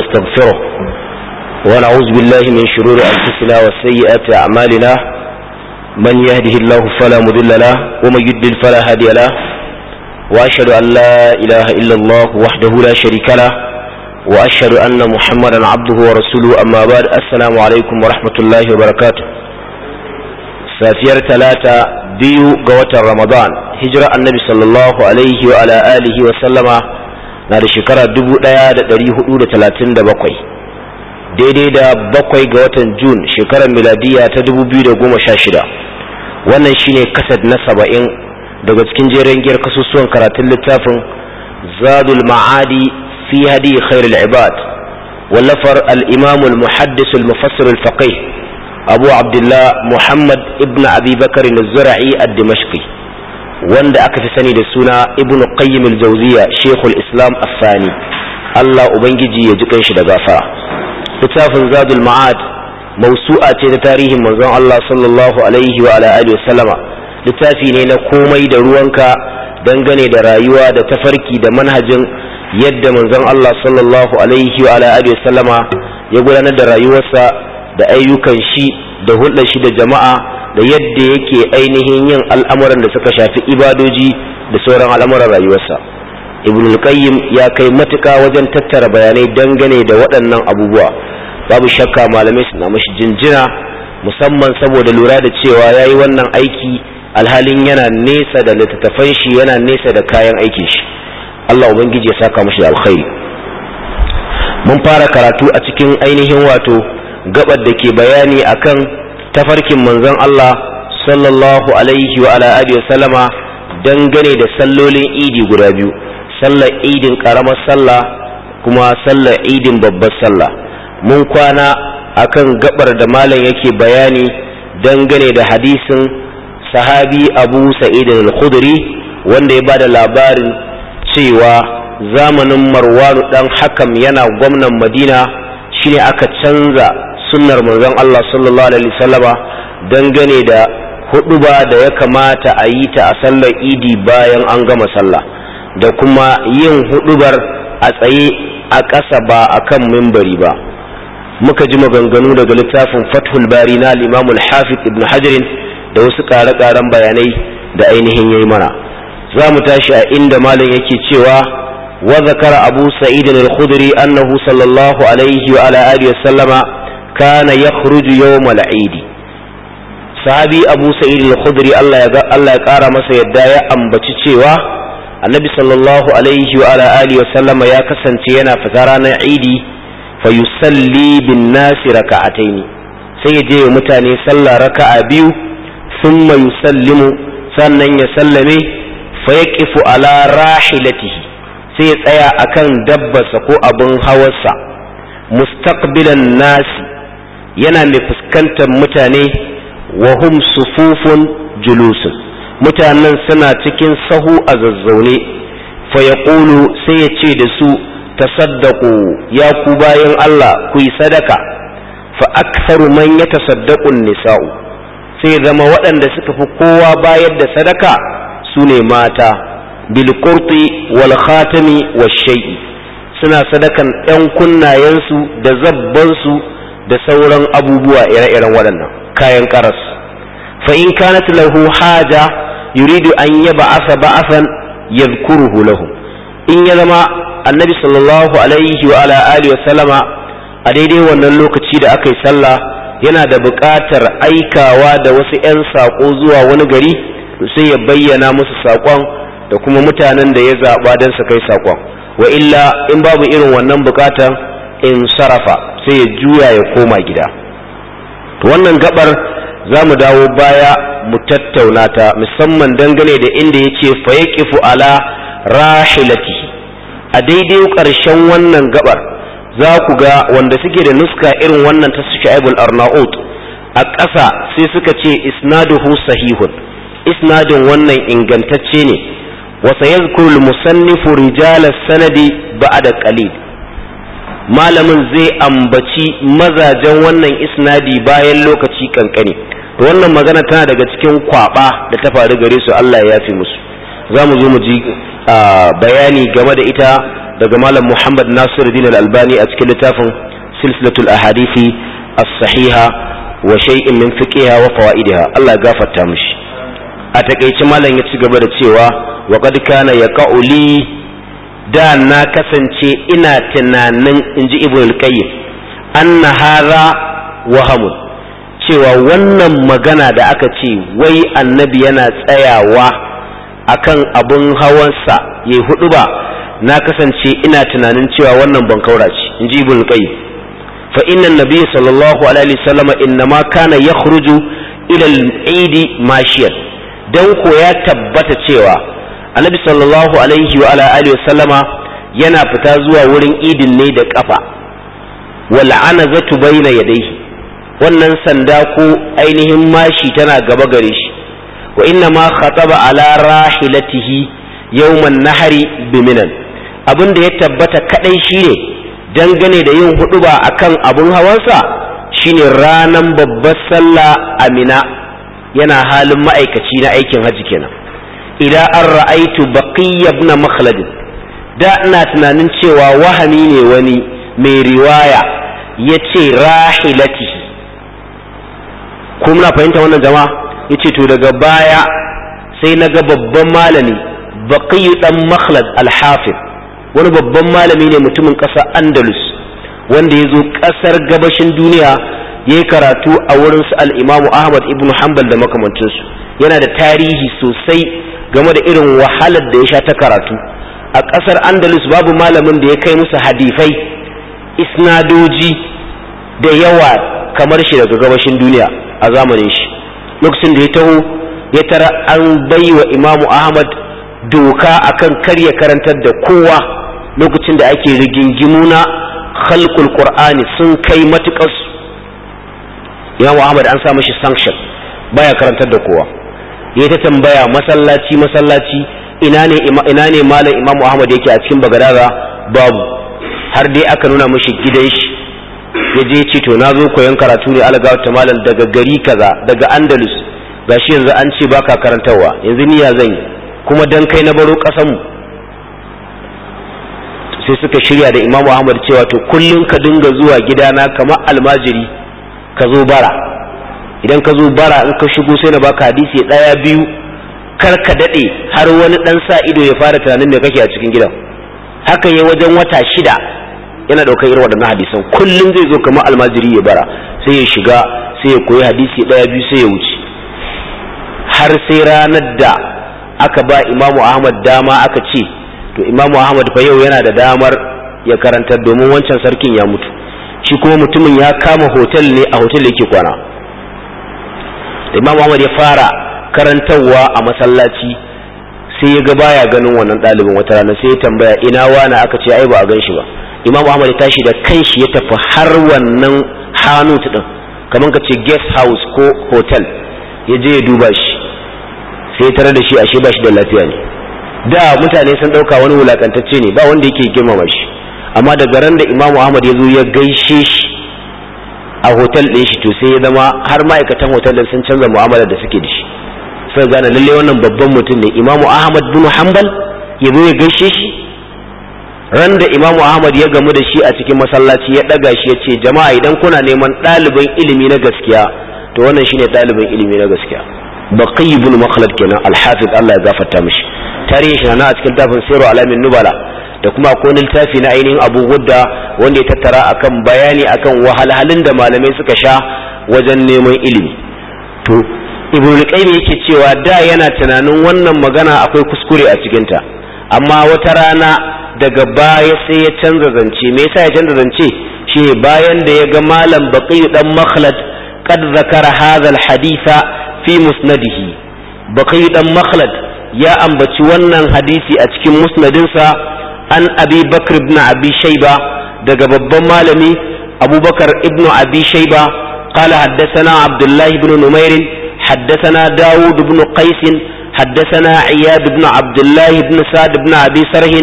نستغفره ونعوذ بالله من شرور أنفسنا وسيئات أعمالنا من يهده الله فلا مضل له ومن يضلل فلا هادي له وأشهد أن لا إله إلا الله وحده لا شريك له وأشهد أن محمدا عبده ورسوله أما بعد السلام عليكم ورحمة الله وبركاته سافير ثلاثة بيو قوة رمضان هجرة النبي صلى الله عليه وعلى آله وسلم na da shekara 1437 daidai da bakwai ga watan Jun shekarar miladiya ta 2016 wannan shine kasad na saba'in daga cikin jerin giyar kasusuwan karatun littafin zadul ma'adi fi hadi khairul ibad wallafar al-imam al-muhaddis al-mufassir al-faqih abu abdullah muhammad ibn abi bakr al-zura'i ad-dimashqi wanda aka fi sani da suna ibnu qayyim al-jawziya shaykhul islam afani Allah ubangiji ya ji kanshi da gafara littafin zadul ma'ad mausu'a ce ta tarihin manzon Allah sallallahu alaihi wa ala alihi wasallama littafi ne na komai da ruwanka dangane da rayuwa da tafarki da manhajin yadda manzon Allah sallallahu alaihi wa ala alihi wasallama ya gudanar da rayuwarsa da ayyukan shi da hulɗar shi da jama'a da yadda yake ainihin yin al'amuran da suka shafi ibadoji da sauran al'amuran rayuwarsa ibn qayyim ya kai matuka wajen tattara bayanai dangane da waɗannan abubuwa babu shakka malamai suna mashi jinjina musamman saboda lura da cewa ya yi wannan aiki alhalin yana nesa da littattafan shi yana nesa da kayan aikin shi Allah ubangiji ya saka mashi da alkhairi mun fara karatu a cikin ainihin wato gabar da ke bayani akan tafarkin manzon Allah sallallahu alaihi wa ala alihi dangane da sallolin idi guda biyu sallar idin karamar sallah kuma sallar idin babbar sallah mun kwana akan gabar da malam yake bayani dangane da hadisin sahabi abu sa'id al-khudri wanda ya ba da labarin cewa zamanin marwanu ɗan hakam yana gwamnan madina shine aka canza sunnar manzon Allah sallallahu alaihi wasallama dangane da huduba da ya kamata a yi ta a sallar idi bayan an gama sallah da kuma yin hudubar a tsaye a ƙasa ba a kan mimbari ba muka ji maganganu daga littafin fathul bari na limamul hafiz ibn hajarin da wasu ƙare-ƙaren bayanai da ainihin yayi mana za mu tashi a inda malam yake cewa وذكر Abu سعيد annahu أنه صلى الله kana yakhruju yawmal idi sahabi abu sa'id al-khudri Allah ya Allah ya kara masa yadda ya ambaci cewa annabi sallallahu alaihi wa ala alihi wa sallama ya kasance yana fita ranar idi fa yusalli bin nasi raka'ataini sai ya je wa mutane sallah raka'a biyu thumma yusallimu sannan ya sallame fa yaqifu ala rahilatihi sai ya tsaya akan dabbarsa ko abin hawarsa mustaqbilan nasi yana mai fuskantar mutane wa hum sufufun julusun mutanen suna cikin sahu a zazzaune fa ya yaqulu sai ya ce da su tasaddaqu ya ku bayan Allah ku yi sadaka fa aktharu man yatasaddaqun nisa'u sai zama waɗanda suka fi kowa bayar da sadaka su ne mata bil qurti wal khatami wash suna sadakan ɗan kunnayensu da zabbansu da sauran abubuwa ire-iren waɗannan kayan karas fa in kanat lahu haja yuridu an yab'atha ba'athan yadhkuruhu lahu in ya zama annabi sallallahu alaihi wa ala alihi wa sallama a daidai wannan lokaci da aka yi sallah yana da buƙatar aikawa da wasu 'yan saƙo zuwa wani gari sai ya bayyana musu saƙon da kuma mutanen da ya zaɓa don su kai saƙon wa illa in babu irin wannan buƙatar in sarafa sai ya juya ya koma gida wannan gabar za mu dawo baya mu tattauna ta musamman dangane da inda ya ce fayaƙifu ala rahilati a daidai ƙarshen wannan gabar za ku ga wanda suke da nuska irin wannan ta su sha'ibul arnaut a ƙasa sai suka ce isnaduhu sahihun isnadin wannan ingantacce ne wasa yazkurul musannifu rijalar sanadi ba'ada qalil malamin zai ambaci mazajen wannan isnadi bayan lokaci kankani to wannan magana tana daga cikin kwaba da ta faru gare su Allah ya yafe musu za mu zo mu ji bayani game da ita daga malam Muhammad Nasiruddin Al-Albani a cikin littafin silsilatul ahadithi as-sahiha wa shay'in min fiqiha wa fawaidiha Allah gafarta mishi a takeice malam ya ci gaba da cewa wa qad kana yaqa'u da na kasance ina tunanin in ji ibn al-qayyim anna hadha wahamun cewa wannan magana da aka ce wai annabi yana tsayawa akan abun hawansa ya hudu ba na kasance ina tunanin cewa wannan ban kaura ce inji ibn al-qayyim fa inna nabi sallallahu alaihi wasallam ma kana yakhruju ila al-eid mashiyan dan ko ya tabbata cewa annabi sallallahu alaihi wa ala alihi sallama yana fita zuwa wurin idin ne da kafa wal anazatu baina yadayhi wannan sanda ko ainihin mashi tana gaba gare shi wa inna ma khataba ala rahilatihi yawman nahari biminan abin da ya tabbata kadai shine dangane da yin huduba akan abun hawansa shine ranan babbar sallah amina yana halin ma'aikaci na aikin haji kenan ila an ra'aitu baqiyya ibn makhlad da ina tunanin cewa wahani ne wani mai riwaya yace rahilati ko muna fahimta wannan jama'a yace to daga baya sai naga babban malami baqiyu dan makhlad al-hafiz wani babban malami ne mutumin ƙasar andalus wanda ya zo ƙasar gabashin duniya ya yi karatu a wurin su al'imamu ahmad ibn hanbal da makamancinsu yana da tarihi sosai game da irin wahalar da ya sha ta karatu a ƙasar andalus babu malamin da ya kai musu hadifai isnadoji da yawa kamar shi daga gabashin duniya a zamanin shi lokacin da ya taho ya tara an bai wa imamu ahmad doka akan karya karantar da kowa lokacin da ake rigingimu na qur'ani sun kai matuƙas imamu ahmad an sa mashi sanction baya karantar da kowa ya ta tambaya masallaci masallaci ina ne ina ne malam Imam Ahmad yake a cikin Bagadara babu har dai aka nuna mishi gidan shi ya je ce to na zo koyon karatu ne algawa malam daga gari kaza daga Andalus gashi yanzu an ce baka karantarwa yanzu ni ya zan yi kuma dan kai na baro kasan mu sai suka shirya da Imam Ahmad cewa to kullun ka dinga zuwa gidana kamar almajiri ka zo bara idan ka zo bara in ka shigo sai na baka hadisi ɗaya biyu kar ka daɗe har wani dan sa ido ya fara tunanin me kake a cikin gidan haka ya wajen wata shida yana ɗaukar irin waɗannan hadisan kullum zai zo kamar almajiri ya bara sai ya shiga sai ya koyi hadisi daya biyu sai ya wuce har sai ranar da aka ba imamu ahmad dama aka ce to imamu ahmad fa yau yana da damar ya karanta, domin wancan sarkin ya mutu shi kuma mutumin ya kama hotel ne a hotel yake kwana imam Ahmad ya fara karantarwa a masallaci sai ya ga baya ganin wannan ɗalibin wata rana sai ya tambaya ina wani aka ce ai ba a gan shi ba imam Ahmad ya tashi da kanshi ya tafi har wannan hanut din kamar ka ce guest house ko hotel ya je ya duba shi sai tare da shi ashe ba shi da lafiya ne da mutane sun ɗauka wani wulakantacce ne ba wanda yake girmama shi amma daga ran da Imam ahmad ya zo ya gaishe shi a hotel ɗin shi to sai ya zama har ma'aikatan hotel ɗin sun canza mu'amalar da suke da shi sai gane lalle wannan babban mutum ne imamu ahmad bin hanbal ya zo ya gaishe shi ran da imamu ahmad ya gamu da shi a cikin masallaci ya ɗaga shi ya ce jama'a idan kuna neman ɗaliban ilimi na gaskiya to wannan shine ɗaliban ilimi na gaskiya baqi ibn makhlad kenan al-hafiz Allah ya gafarta mishi tarihin shi na a cikin tafin sirru alamin nubala da kuma akwai littafi na ainihin abu da. wanda ya tattara akan bayani akan wahalhalun da malamai suka sha wajen neman ilimi to ibn qayyim yake cewa da yana tunanin wannan magana akwai kuskure a cikinta amma wata rana daga baya sai ya canza zance me yasa ya canza zance shi bayan da ya ga malam baqi dan makhlad kad zakara hadha al haditha fi musnadihi baqi dan makhlad ya ambaci wannan hadisi a cikin musnadinsa an abi bakr ibn abi shayba daga babban malami abubakar ibnu abi shaiba قال حدثنا عبد الله بن نمير حدثنا داود بن قيس حدثنا عياد بن عبد الله بن سعد بن أبي سره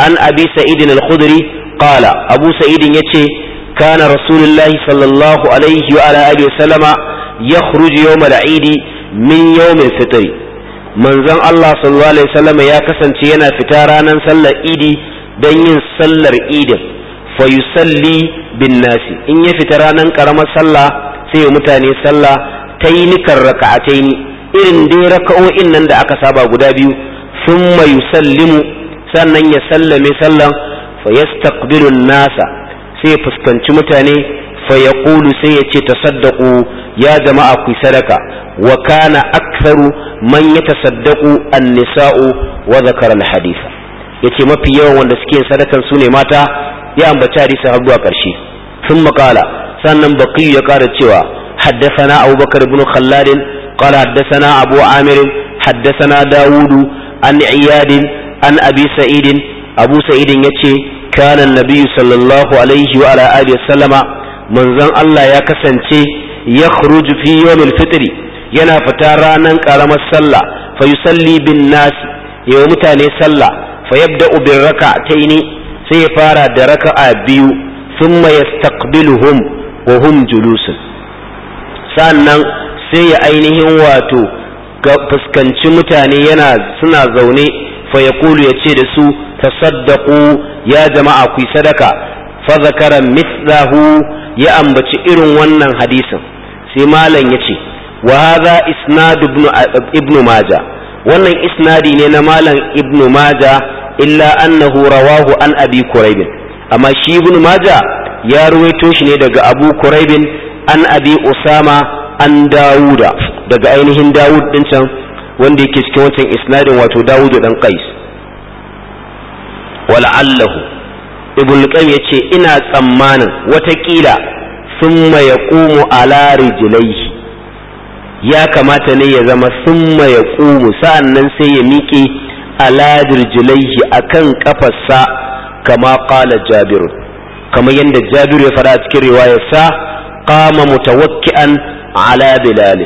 عن أبي سعيد الخدري قال أبو سعيد يتي كان رسول الله صلى الله عليه وعلى آله وسلم يخرج يوم العيد من يوم الفطر من زن الله صلى الله عليه وسلم يا كسن تينا فتارانا صلى إيدي دين صلى إيدي fa yusalli bin nasi in ya fita ranar karamar sallah sai mutane sallah ta yi nikar raka'atai ni irin dai raka'o'in nan da aka saba guda biyu sun yusallimu sannan ya sallame sallan fa yastaqbilun nasa sai fuskanci mutane fa kulu sai ya ce tasaddaqu ya jama'a ku sadaka wa kana aktharu man yatasaddaqu an-nisa'u wa dhakara al-hadith yace mafi yawan wanda suke sadakan su ne mata ya ambaci hadisin har zuwa karshe sun makala sannan baki ya kara cewa haddasana abu bakar ibn khalladin haddasana abu amir haddasana dawudu an iyadin an abi sa'idin abu sa'idin yace kanan nabiyyu sallallahu alaihi wa ala alihi sallama manzon Allah ya kasance ya khruju fi yawmil fitri yana fita ranar karamar sallah fa yusalli bin nas yawa mutane sallah fa yabda'u bil raka'taini sai ya fara da raka'a biyu thumma yastaqbiluhum wa hum julusun sannan sai ya ainihin wato ga fuskanci mutane yana suna zaune fa ya yace da su tasaddaqu ya jama'a ku sadaka fa zakara mithlahu ya ambaci irin wannan hadisin sai malam yace wa hadha isnad ibn ibn majah wannan isnadi ne na malam ibn majah illa annahu rawahu an abi kuraibin amma shi ibn maja ya ruwaito shi ne daga abu kuraibin an abi usama an dawuda daga ainihin dawud din can wanda yake cikin wancan isnadin wato dawudu dan qais wal'allahu ibn qayyim yace ina tsammanin watakila summa yaqumu ala rijlaihi ya kamata ne ya zama summa yaqumu sa'annan sai ya miƙe ala dirjilaihi akan kafarsa kama qala jabir kamar yadda jabiru ya fara cikin riwayarsa kama mutawakki'an ala bilal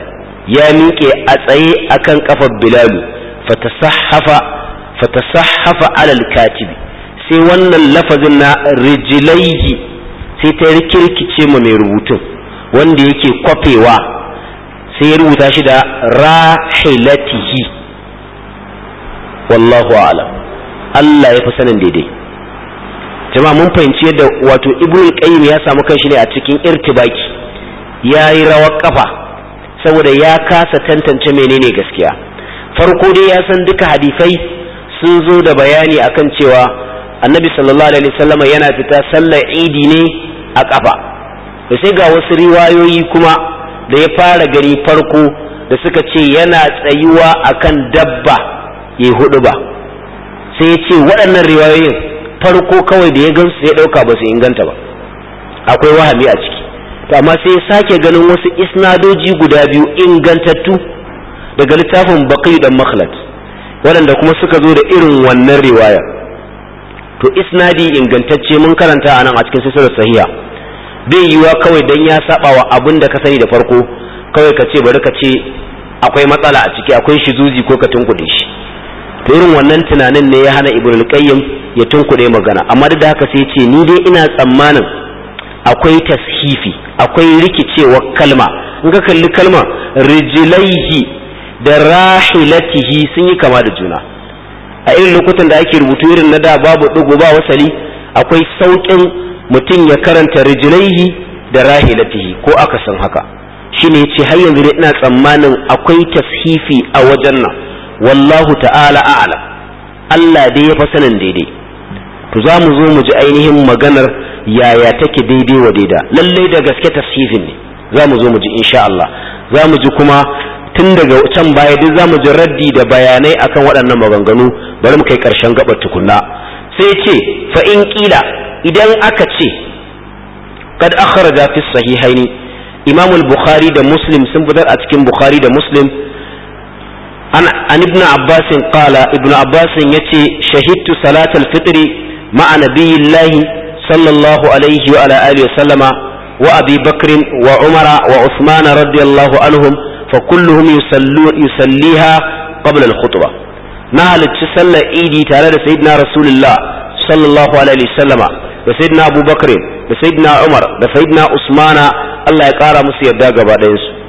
ya miƙe a tsaye akan kafar bilal fatasahhafa fatasahhafa alal katibi sai wannan lafazin na rijilaihi sai ta rikirkice ma mai rubutun wanda yake kwafewa sai ya rubuta shi da rahilatihi wallahu a'lam Allah ya fi sanin daidai jama'a mun fahimci yadda wato ibnul qayyim ya samu kanshi ne a cikin irtibaki Ya yi rawar kafa saboda ya kasa tantance menene gaskiya farko dai ya san duka hadisai sun zo da bayani akan cewa annabi sallallahu alaihi wasallam yana fita sallar idi ne a kafa sai ga wasu riwayoyi kuma da ya fara gari farko da suka ce yana tsayuwa akan dabba yi hudu ba sai ya ce waɗannan riwayoyin farko kawai da ya gansu ya ɗauka ba su inganta ba akwai wahami a ciki to amma sai ya sake ganin wasu isnadoji guda biyu ingantattu daga littafin baƙi dan makhlat waɗanda kuma suka zo da irin wannan riwaya to isnadi ingantacce mun karanta a nan a cikin da sahiha bai yiwuwa kawai dan ya saba wa abin da ka sani da farko kawai ka ce bari ka ce akwai matsala a ciki akwai shizuzi ko ka tunkuɗe shi to irin wannan tunanin ne ya hana ibnul qayyim ya tunkuɗe magana amma duk da haka sai ce ni dai ina tsammanin akwai tashifi akwai rikicewa kalma in ka kalli kalma rijlaihi da rahilatihi sun yi kama da juna a irin lokutan da ake rubutu irin na da babu ɗigo ba wasali akwai sauƙin mutum ya karanta rijlaihi da rahilatihi ko akasin haka shine yace har yanzu ne ina tsammanin akwai tashifi a wajen nan wallahu ta'ala a'lam Allah dai ya fa daidai to za mu zo mu ji ainihin maganar yaya take daidai wa daida lallai da gaske tasifin ne za mu zo mu ji insha Allah za mu ji kuma tun daga can baya duk za mu ji raddi da bayanai akan waɗannan maganganu bari mu kai ƙarshen gabar tukunna sai ce fa in kila idan aka ce kad akhraja fi sahihaini imam bukhari da muslim sun fitar a cikin bukhari da muslim an ibn abbas qala ibn abbas yace shahidtu salatal fitri ma'a nabiyillahi sallallahu alaihi wa ala alihi wa wa umara wa usman radiyallahu anhum fa kullum yusallu yusalliha qabla al na halarci sallar idi tare da sayyidina rasulullah sallallahu alaihi wa sallama da sayyidina abubakar da sayyidina umar da sayyidina usmana Allah ya kara musu yarda gaba ɗayansu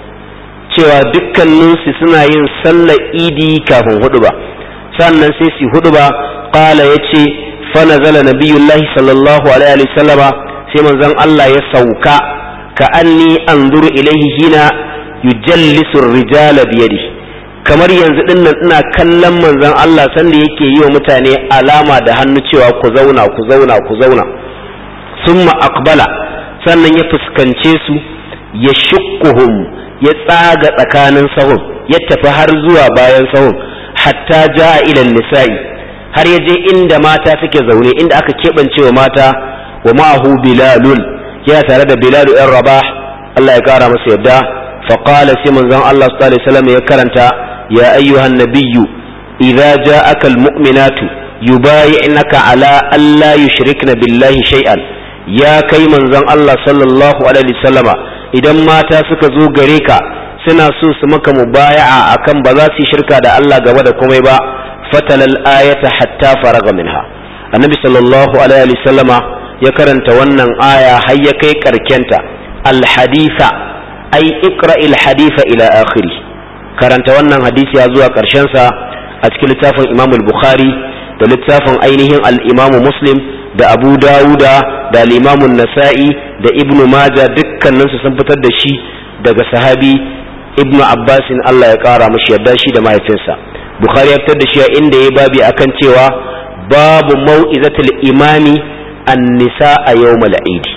cewa dukkaninsu suna yin sallar idi kafin hudu ba sannan sai su hudu ba ƙala ya ce fana zala na biyu, lahi sallallahu alaihi sallama sai manzon Allah ya sauka ka anni anzuru ilaihi hina yujallisu rijala biyadi kamar yanzu nan ina kallon manzon Allah sanda yake yi wa mutane alama da hannu cewa ku zauna ku zauna ku zauna summa aqbala sannan ya fuskance su ya shukuhum ya tsaga tsakanin sahun ya tafi har zuwa bayan sahun hatta ja ilan nisa'i har ya je inda mata suke zaune inda aka keɓance wa mata wa ma'ahu bilalun ya tare da bilalu ɗan rabah Allah ya kara masa yadda faƙala sai manzon Allah sallallahu alaihi ya karanta ya ayyuhan nabiyyu idza ja'aka almu'minatu yubayi'naka ala alla yushrikna billahi shay'an ya kai manzon Allah sallallahu alaihi wasallama idan mata suka zo gare ka suna so su maka mubaya'a akan ba za su yi shirka da Allah gaba da komai ba fatalal ayata hatta faraga minha annabi sallallahu alaihi wasallama ya karanta wannan aya har ya kai karkenta alhadisa ai iqra'il ila akhiri karanta wannan hadisi ya zuwa karshen sa a cikin littafin Imam al-Bukhari da littafin ainihin al'imamu muslim da abu dawuda da limamun nasa'i da ibnu maja dukkaninsu sun fitar da shi daga sahabi ibnu abbasin allah ya ƙara mashi yarda shi da mahaifinsa bukhari ya fitar da shi a inda ya babi akan cewa babu mau'izatul imami an nisa a yau mala'idi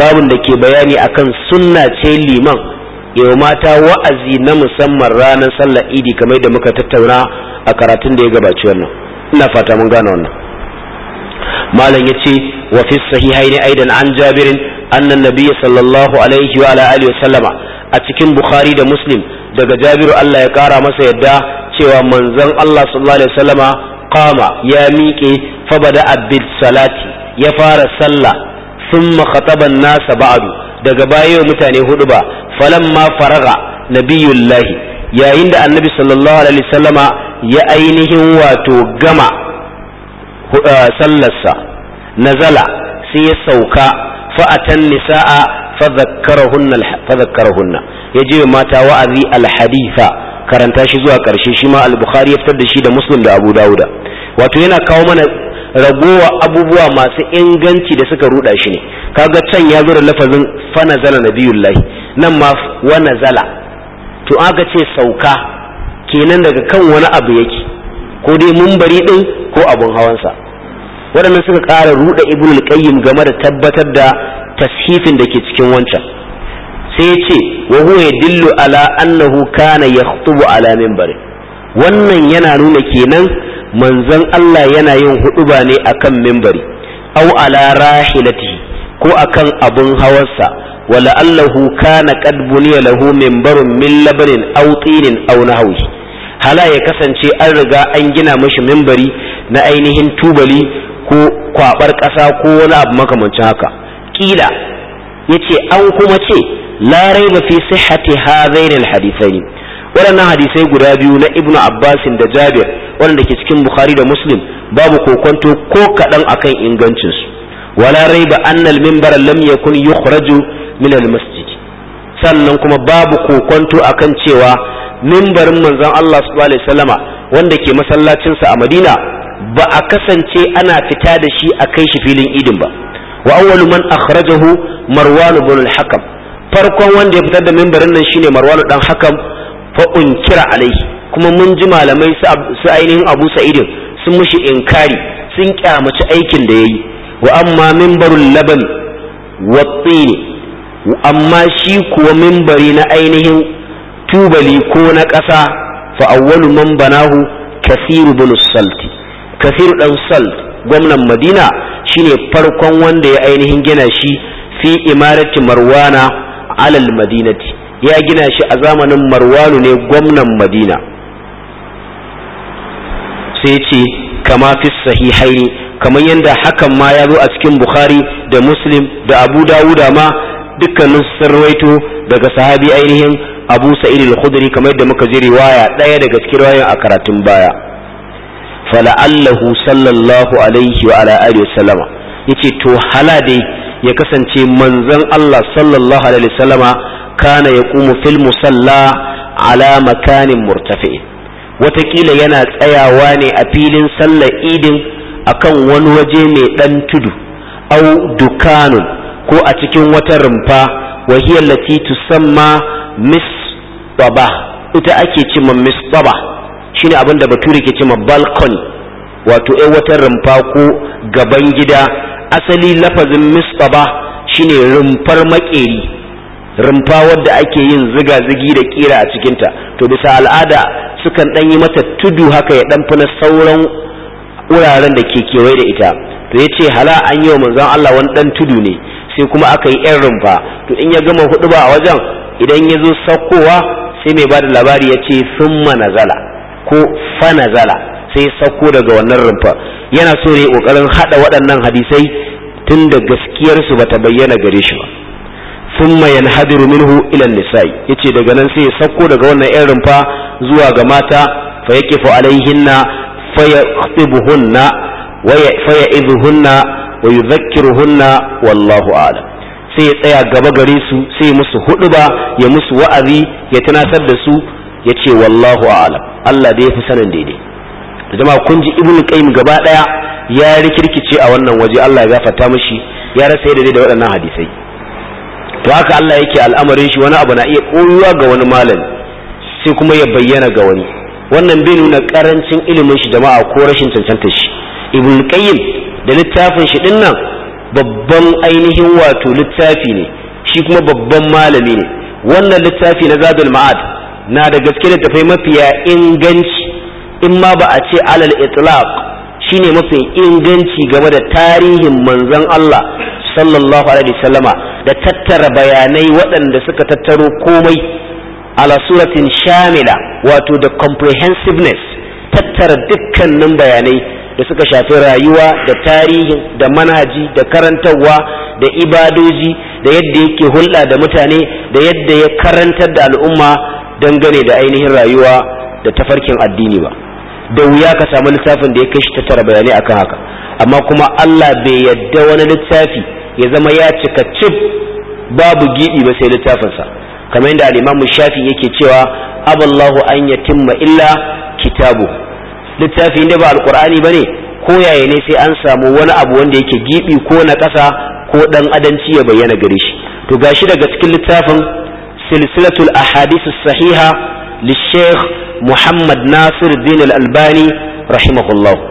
babun da ke bayani akan sunna ce liman yau mata wa'azi na musamman ranar sallar idi kamar da muka tattauna a karatun da ya gabaci wannan ina fata mun gane wannan malam yace wa fi sahihaini aidan an jabirin anna nabiyyi sallallahu alaihi wa alihi wa sallama a cikin bukhari da muslim daga jabiru Allah ya kara masa yadda cewa manzon Allah sallallahu alaihi wa sallama qama ya miƙe fa bada abid salati ya fara sallah thumma makaɗaban nasa ba'du daga baya mutane hudu ba falamma faraga nabiyullahi yayin da annabi sallallahu alaihi wasallama ya ainihin wato gama eh, sallarsa nazala sai ya sauka fa'atan nisa'a hunna ya je mata wa'azi alhaditha karanta shi zuwa karshe shi ma al-bukhari ya fitar da shi da muslim da abu dauda wato yana kawo mana ragowa abubuwa masu inganci da suka ruda shi ne kaga can ya zo da lafazin fa nazala nabiyullahi nan ma wa nazala to aka ce sauka kenan daga kan wani abu yake ko dai mumbari din ko abun hawansa waɗannan suka ƙara ruɗa ibn al-qayyim game da tabbatar da tashifin da ke cikin wancan sai ya ce wa huwa yadillu ala annahu kana yakhutubu ala minbari wannan yana nuna kenan manzon Allah yana yin huɗuba ne akan minbari aw ala rahilatihi ko akan abun hawarsa ولعله كان قد بني له منبر من لبن أو طين أو نحوه hala ya kasance an riga an gina mashi membari na ainihin tubali ko kwabar ƙasa ko wani abu makamancin haka kila yace an kuma ce la raiba fi sihhati hadhain alhadithain waɗannan hadisai guda biyu na ibnu abbasin da jabir waɗanda ke cikin bukhari da muslim babu kokonto ko kaɗan akan ingancinsu walarai raiba annal minbar lam yakun yukhraju min al sannan kuma babu kokonto akan cewa mimbarin manzon Allah subhanahu alaihi wanda ke masallacinsa a Madina ba a kasance ana fita da shi a kai shi filin idin ba wa awwalu man akhrajahu marwan ibn al-hakam farkon wanda ya fitar da mimbarin nan shine marwan dan hakam fa unkira alaihi kuma mun ji malamai su ainihin abu sa'idin sun mushi inkari sun kyamaci aikin da yayi wa amma mimbarul laban ne amma shi kuwa mimbari na ainihin tubali ko na ƙasa fa awwalu man banahu kathiru bin salt kathiru dan salt gwamnan madina shine farkon wanda ya ainihin gina shi fi imarati marwana alal madinati ya gina shi a zamanin marwanu ne gwamnan madina sai ce kama fi sahihaini kamar yadda hakan ma ya zo a cikin bukhari da muslim da abu dawuda ma dukkanin sarwaito daga sahabi ainihin abu sa'id al-khudri kamar yadda muka ji riwaya ɗaya daga cikin riwayoyin a karatun baya fala'allahu sallallahu alaihi wa ala alihi wasallama yace to hala dai ya kasance manzon Allah sallallahu alaihi wasallama kana yaqumu fil musalla ala makanin murtafi watakila yana tsayawa ne a filin sallar idin akan wani waje mai ɗan tudu au dukanun ko a cikin wata rumfa wahiyar lati tusamma misbaba ita ake cima misbaba shine abin da bature ke cima balkon wato ai wata rumfa ko gaban gida asali lafazin misbaba shine rumfar makeri rumfa wadda ake yin ziga-zigi da kira a cikinta to bisa al'ada sukan ɗan yi mata tudu haka ya ɗan fi na sauran wuraren da ke kewaye da ita to ya ce hala an yi wa manzon Allah wani dan tudu ne sai kuma aka yi yan rumfa to in ya gama hudu ba a wajen idan ya zo saukowa sai mai bada labari ya ce sun manazala ko fanazala sai sauko daga wannan rumfa yana so ne kokarin haɗa waɗannan hadisai tun da gaskiyarsu bata bayyana gare shi ba ثم ينحدر ilan nisa'i النساء yace daga nan sai ya sauko daga wannan yan rumfa zuwa ga mata fa yakifu alaihinna فيخطبهن فيعظهن ويذكرهن والله أعلم sai ya tsaya gaba gare su sai musu huɗuba ya musu wa'azi ya tunasar da su ya ce wallahu a'lam Allah da ya fi sanin daidai Jam'a kun ji ibnu qayyim gaba daya ya rikirkice a wannan waje Allah ya gafarta mishi ya rasa yadda da waɗannan hadisai to haka Allah yake al'amarin shi wani abu na iya koyuwa ga wani malami sai kuma ya bayyana ga wani wannan bai nuna karancin ilimin shi jama'a ko rashin cancanta shi ibn qayyim da littafin shi din nan babban ainihin wato littafi ne shi kuma babban malami ne wannan littafi na zadul ma'ad na da gaske da tafai mafiya inganci in ma ba a ce alal itlaq shine mafi inganci game da tarihin manzon Allah sallallahu alaihi wasallama da tattara bayanai waɗanda suka tattaro komai ala suratin shamila wato da comprehensiveness tattara dukkanin bayanai da suka shafi rayuwa da tarihi da manhaji da karantarwa da ibadoji da yadda yake hulɗa da mutane da yadda ya karantar da al'umma dangane da ainihin rayuwa da tafarkin addini ba da wuya ka samu littafin da ya kai shi tattara bayanai akan haka amma kuma Allah bai yadda wani littafi ya zama ya cika cif babu giɓi ba sai littafinsa kamar yadda al Shafi yake cewa aballahu an ya timma illa kitabu littafin da ba ba bane ko yaya ne sai an samu wani abu wanda yake gibi ko na ƙasa ko ɗan adanci ya bayyana gare shi to gashi daga cikin littafin silsilatul ahadith sahiha muhammad nasir محمد albani الدين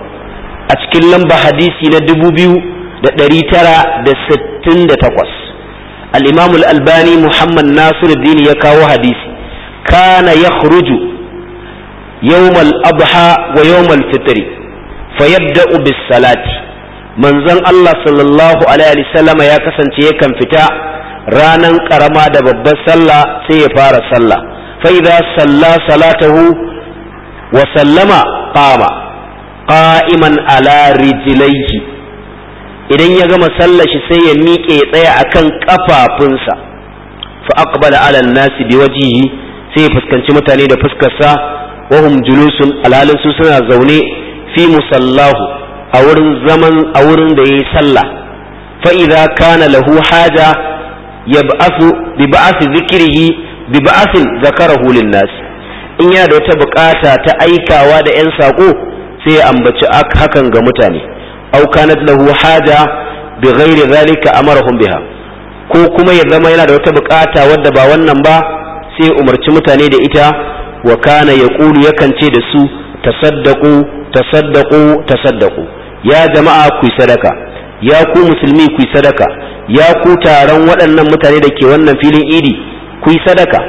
a cikin lamba hadisi na dubu biyu da ɗari tara da sittin da takwas al-imam albani muhammad nasiruddin ya kawo hadisi kana yakhruju yawm al-adha wa yawm fitiri fayadda fayabda'u salati manzon Allah sallallahu alaihi wasallam ya kasance yakan fita ranan karama da babbar sallah sai ya fara sallah fa idza salla wa sallama qama qa'iman ala rijlaihi idan ya gama sallar shi sai ya miƙe tsaya akan kafafunsa fa aqbala ala nasi wajihi sai ya fuskanci mutane da fuskarsa wa hum julusun alalin su suna zaune fi musallahu a wurin zaman a wurin da yayi sallah fa idza kana lahu haja yab'athu bi ba'ath dhikrihi bi ba'ath zakarahu lin nas in yana da wata bukata ta aikawa da yan sako sai ya ambaci hakan ga mutane aw kanat lahu haja bi ghairi zalika amarahum biha ko kuma ya zama yana da wata bukata wadda ba wannan ba sai umarci mutane da ita wa kana yaqulu yakan ce da su tasaddaqu tasaddaqu tasaddaqu ya jama'a ku sadaka ya ku musulmi ku sadaka ya ku taron waɗannan mutane da ke wannan filin idi ku sadaka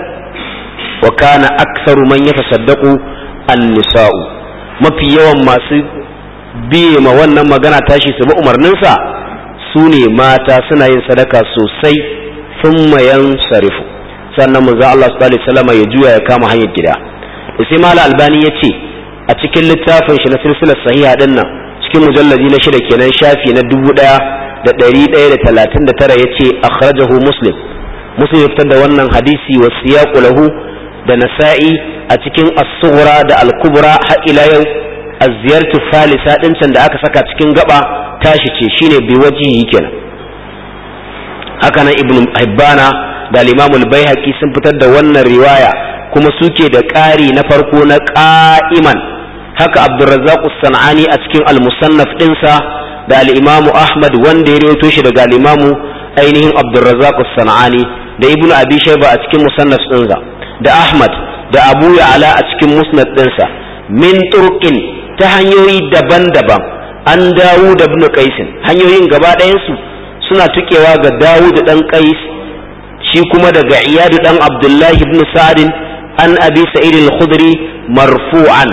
wa kana aktsaru man yatasaddaqu an-nisa'u mafi yawan masu biye ma wannan magana tashi su bi umarninsa su ne mata suna yin sadaka sosai sun mayan sarifu sannan za Allah sallallahu alaihi wasallam ya juya ya kama hanyar gida sai mala albani ya ce a cikin littafin shi na silsilar sahiha din nan cikin mujalladi na shida kenan shafi na dubu ɗaya da ɗari ɗaya da talatin da tara ya ce akhrajahu muslim muslim ya fitar da wannan hadisi wa siyaqu lahu da nasa'i a cikin as-sughra da al-kubra har ila yau az-ziyaratu falisa din can da aka saka cikin gaba tashi ce shine bi wajihi kenan haka nan ibnu hibbana da limamul imam sun fitar da wannan riwaya kuma suke da ƙari na farko na ƙa'iman haka abdurrazzaq sanani a cikin almusannaf ɗinsa dinsa da alimamu ahmad wanda ya rawaito shi daga al ainihin abdurrazzaq sanani da ibnu abi shayba a cikin musannaf ɗinsa da ahmad da abu ya'ala a cikin musnad dinsa min turqin ta hanyoyi daban-daban an dawo da kaisin hanyoyin gaba ɗayansu suna tukewa ga dawo da ɗan qais shi kuma daga iyadu ɗan abdullahi ibn sa'adin an abi sa'id al-khudri marfu'an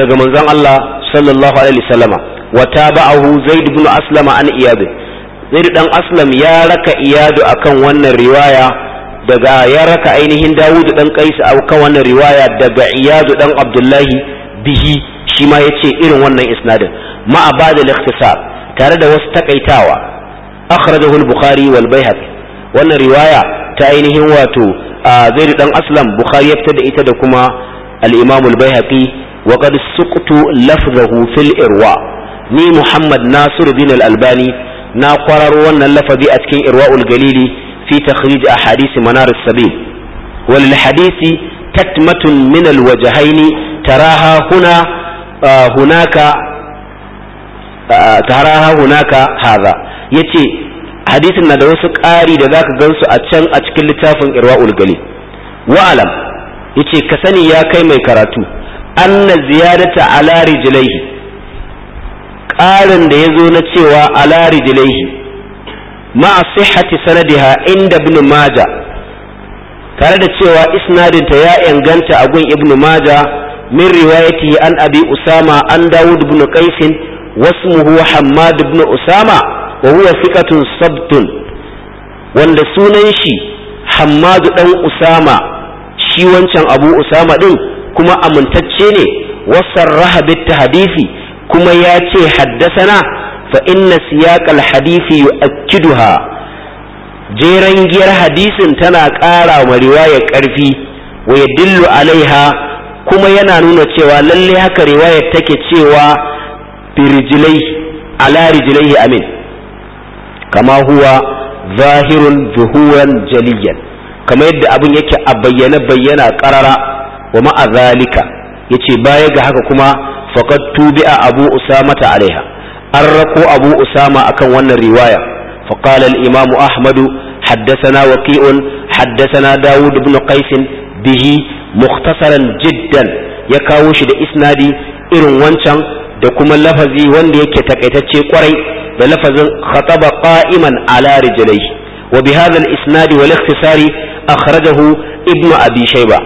daga manzon Allah sallallahu alaihi wasallama wa tabahu zaid ibn aslama an iyadu zaid dan aslam ya raka iyadu akan wannan riwaya daga ya raka ainihin Dawud dan Qais a kan wannan riwaya daga Iyadu dan Abdullahi bihi shi ma ce irin wannan isnadin ma'a ba'da al tare da wasu takaitawa akhrajahu al-bukhari wal baihaqi wannan riwaya ta ainihin wato zaid dan aslam bukhari ya fitar da ita da kuma al-imam al-baihaqi wa qad suqtu lafzahu fil irwa ni muhammad nasir bin al-albani na kwararo wannan lafazi a cikin irwaul galili fi takhrij ahadith manar as-sabil wal hadisi tatmatun min al-wajhaini taraha huna hunaka taraha hunaka haza yace hadisin na da wasu ƙari da zaka gansu a can a cikin littafin irwaul gali wa'alam yace ka sani ya kai mai karatu anna ziyadata ala rijlaihi ƙarin da zo na cewa ala rijlaihi Ma sihhati sanadiha inda ibn majah tare da cewa isnadinta ya inganta a gun ibn Maja. min riwayati an abi usama an dawud ibn qais wasmuhu hammad ibn usama wa huwa thiqatun sabtun wanda sunan shi hammad ɗan usama shi wancan abu usama ɗin kuma amintacce ne wasar bit hadisi kuma ya ce haddasana fa inna siyaqal hadisi yu'akkiduha jeran giyar hadisin tana ƙara ma riwayar ƙarfi wa dillu alaiha kuma yana nuna cewa lalle haka riwayar take cewa birjilai ala rijlaihi amin kama huwa zahirun zuhuran jaliyan kama yadda abin yake a bayyana bayyana karara wa ma'a zalika yace baya ga haka kuma faqad tubi'a abu usama ta alaiha an rako abu usama akan wannan riwaya faqala al-imamu ahmadu haddasana waki'un haddasana dawud ibn qais bihi. mukhtasaran jiddan ya kawo shi da isnadi irin wancan da kuma lafazi wanda yake takaitacce kwarai da lafazin khataba ƙa'iman ala rijlaihi wa bi hadha al-isnadi wal ikhtisari akhrajahu ibnu abi shayba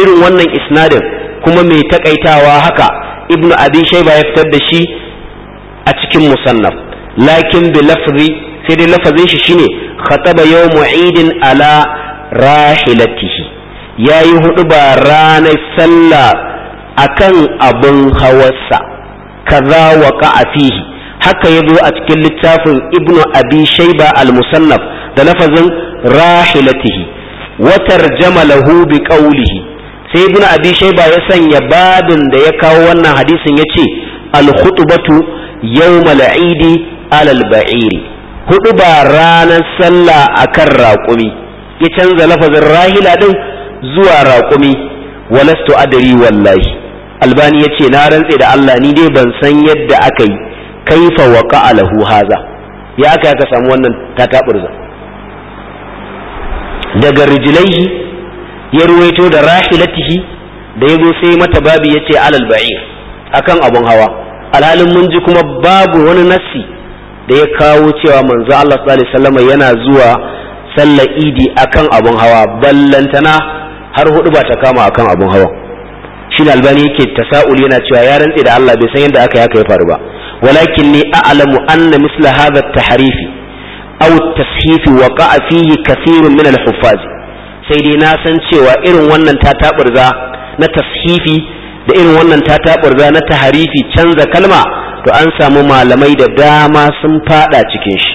irin wannan isnadin kuma mai takaitawa haka ibnu abi shaiba ya fitar da shi a cikin musannaf lakin bi lafzi sai dai lafazin shi shine khataba yawm idin ala rahilatihi ya yi hudu ba ranar sallah akan abin hawarsa kaza wa a fihi haka ya zo a cikin littafin Ibn abi shaiba al-musannaf da lafazin rahilatihi watar jamalahu bi qawlihi sai Ibn abi shaiba ya sanya babin da ya kawo wannan hadisin yace al-khutbatu yawm al-eid alal ba'iri hudu ba ranar sallah akan raƙumi ya canza lafazin rahila din zuwa raƙumi walastu adari wallahi albani ya ce na rantse da Allah ni dai ban san yadda aka yi kaifa wa ka'alahu haza ya aka aka samu wannan tataburza daga rijilaihi ya ruwaito da rahilatihi da ya zo sai mata babi ya ce alal ba'ir akan abun hawa alhalin mun ji kuma babu wani nassi da ya kawo cewa manzo Allah sallallahu alaihi yana zuwa sallar idi akan abun hawa ballantana har hudu ba ta kama akan abun hawan shi albani yake tasa'uli yana cewa ya rantse da Allah bai san yadda aka yi haka ya faru ba walakin ni a'lamu anna misla hadha at-tahrif aw at-tashif waqa'a fihi kathirun min al-huffaz sai dai na san cewa irin wannan ta taburza na tashifi da irin wannan ta taburza na taharifi canza kalma to an samu malamai da dama sun fada cikin shi